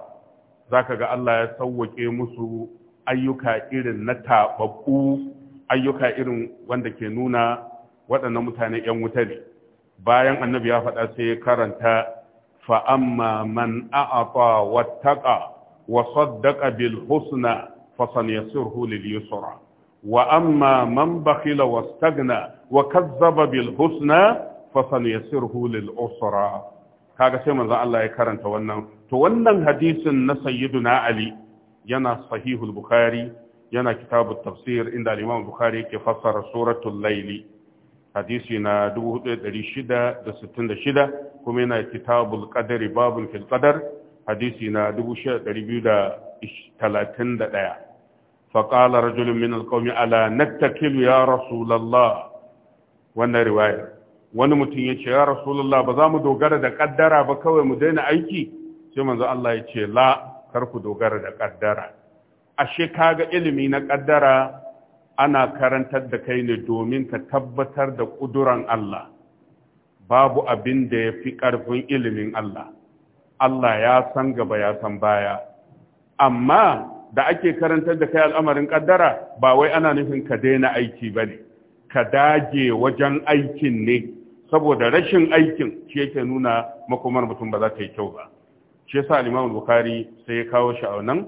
za ka ga Allah ya sauwake musu ayyuka irin na taɓaɓɓu ayyuka irin wanda ke nuna waɗannan mutane 'yan wuta ne bayan annabi ya faɗa sai ya karanta fa'amma man a'afa wattaqa wa saddaqa bil husna fasanyasurhu lil yusra wa amma man bakhila wastagna wa kazzaba bil husna fasanyasurhu lil usra kaga sai manzo Allah ya karanta wannan to wannan hadisin na sayyiduna ali yana sahihul bukhari yana kitabut tafsir inda al-imam bukhari yake fassara suratul layli hadisi na 4666 kuma yana kitabul qadari babu fil qadar hadisi na 2231 faqala rajulun min alqawmi ala nattakilu ya rasulullah wannan riwaya wani mutum ya ce ya rasulullah ba za mu dogara da ƙaddara ba kawai mu daina aiki sai manzo Allah ya ce la kar ku dogara da ƙaddara! ashe kaga ilimi na ƙaddara? ana karantar da kai ne domin ka tabbatar da ƙuduran Allah babu abin da ya fi ƙarfin ilimin Allah Allah ya san gaba ya san baya amma da ake karantar da kai al'amarin ƙaddara ba wai ana nufin ka daina aiki ba ne ka dage wajen aikin ne saboda rashin aikin shi yake nuna makomar mutum ba za ta yi kyau ba shi yasa al-Imam Bukhari sai ya kawo shi a nan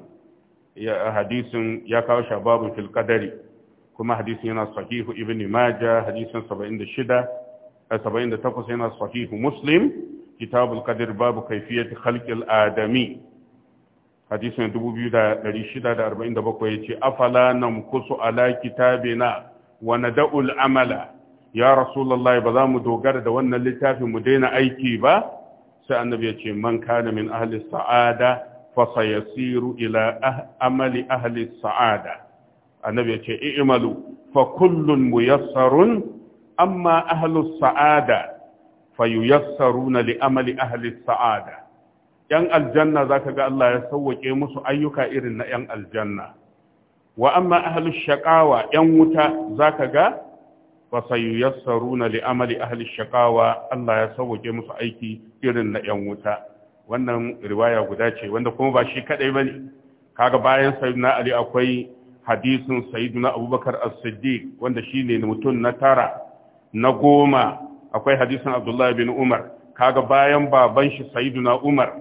hadisin ya kawo shi a fil kuma hadisin yana sahihu ibn majah hadisin 76 eh, yana sahihu muslim al-Qadir babu kayfiyati khalqil adami hadisin 2647 yace afala namkusu ala kitabina wa daul amala ya rasulullahi ba za mu dogara da wannan littafin mu daina aiki ba sai annabi yace man kana min ahli sa'ada fa sayasiru ila ah-, amali ahli sa'ada annabi ya ce i'malu fa kullun muyassarun amma ahlus sa'ada fayuyassaruna li amali ahli sa'ada yan aljanna zaka ga Allah ya sauwake musu ayyuka irin na yan aljanna wa amma ahli shaqawa yan wuta zaka ga fa sayuyassaruna li amali ahli shaqawa Allah ya sauwake musu aiki irin na yan wuta wannan riwaya guda ce wanda kuma ba shi kadai bane kaga bayan sayyidina ali akwai hadisin sayyiduna abubakar as-siddiq wanda shine mutum na tara na goma akwai hadisin abdullahi bin umar kaga bayan baban shi sayyiduna umar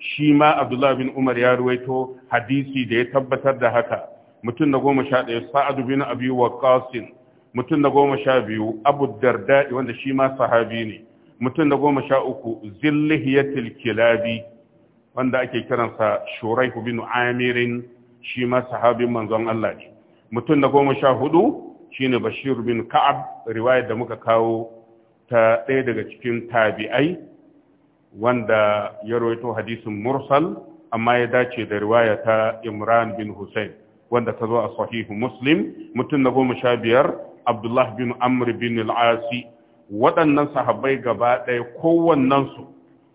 shi ma abdullahi bin umar ya ruwaito hadisi da ya tabbatar da haka mutum na goma sha ɗaya sa'adu bin abi waqasin mutum na goma sha biyu abu darda'i wanda shi ma sahabi ne mutum na goma sha uku zillihiyatil kilabi wanda ake kiransa shuraihu bin amirin shi ma sahabin manzon Allah ne mutum na goma sha hudu shine bashir bin ka'ab riwaya da muka kawo ta ɗaya daga cikin tabi'ai wanda ya rawaito hadisin mursal amma ya dace da riwaya ta imran bin hussein wanda ta zo a sahihu muslim mutum na goma sha biyar abdullah bin amr bin al'asi waɗannan sahabbai gaba ɗaya kowannensu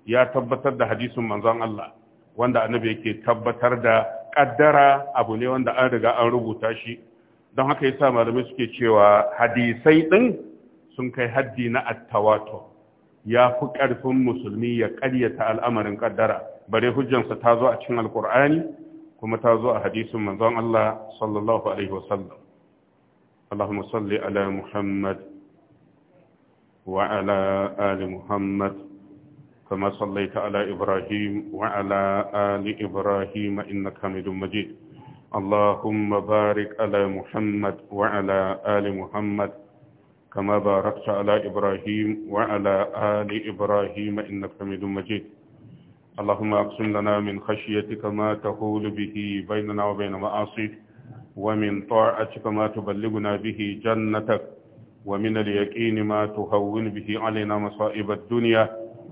ya tabbatar da hadisin manzon Allah wanda annabi yake tabbatar da kaddara abu ne wanda an riga an rubuta shi don haka yasa malamai suke cewa hadisai din sun kai haddi na attawato ya fi ƙarfin musulmi ya ƙaryata al'amarin kaddara bare hujjansa ta zo a cikin alkur'ani kuma ta zo a hadisin manzon Allah sallallahu alaihi wasallam Allahumma salli ala Muhammad wa ala ali Muhammad كما صليت على إبراهيم وعلى آل إبراهيم إنك حميد مجيد اللهم بارك على محمد وعلى آل محمد كما باركت على إبراهيم وعلى آل إبراهيم إنك حميد مجيد اللهم أقسم لنا من خشيتك ما تقول به بيننا وبين معاصيك ومن طاعتك ما تبلغنا به جنتك ومن اليقين ما تهون به علينا مصائب الدنيا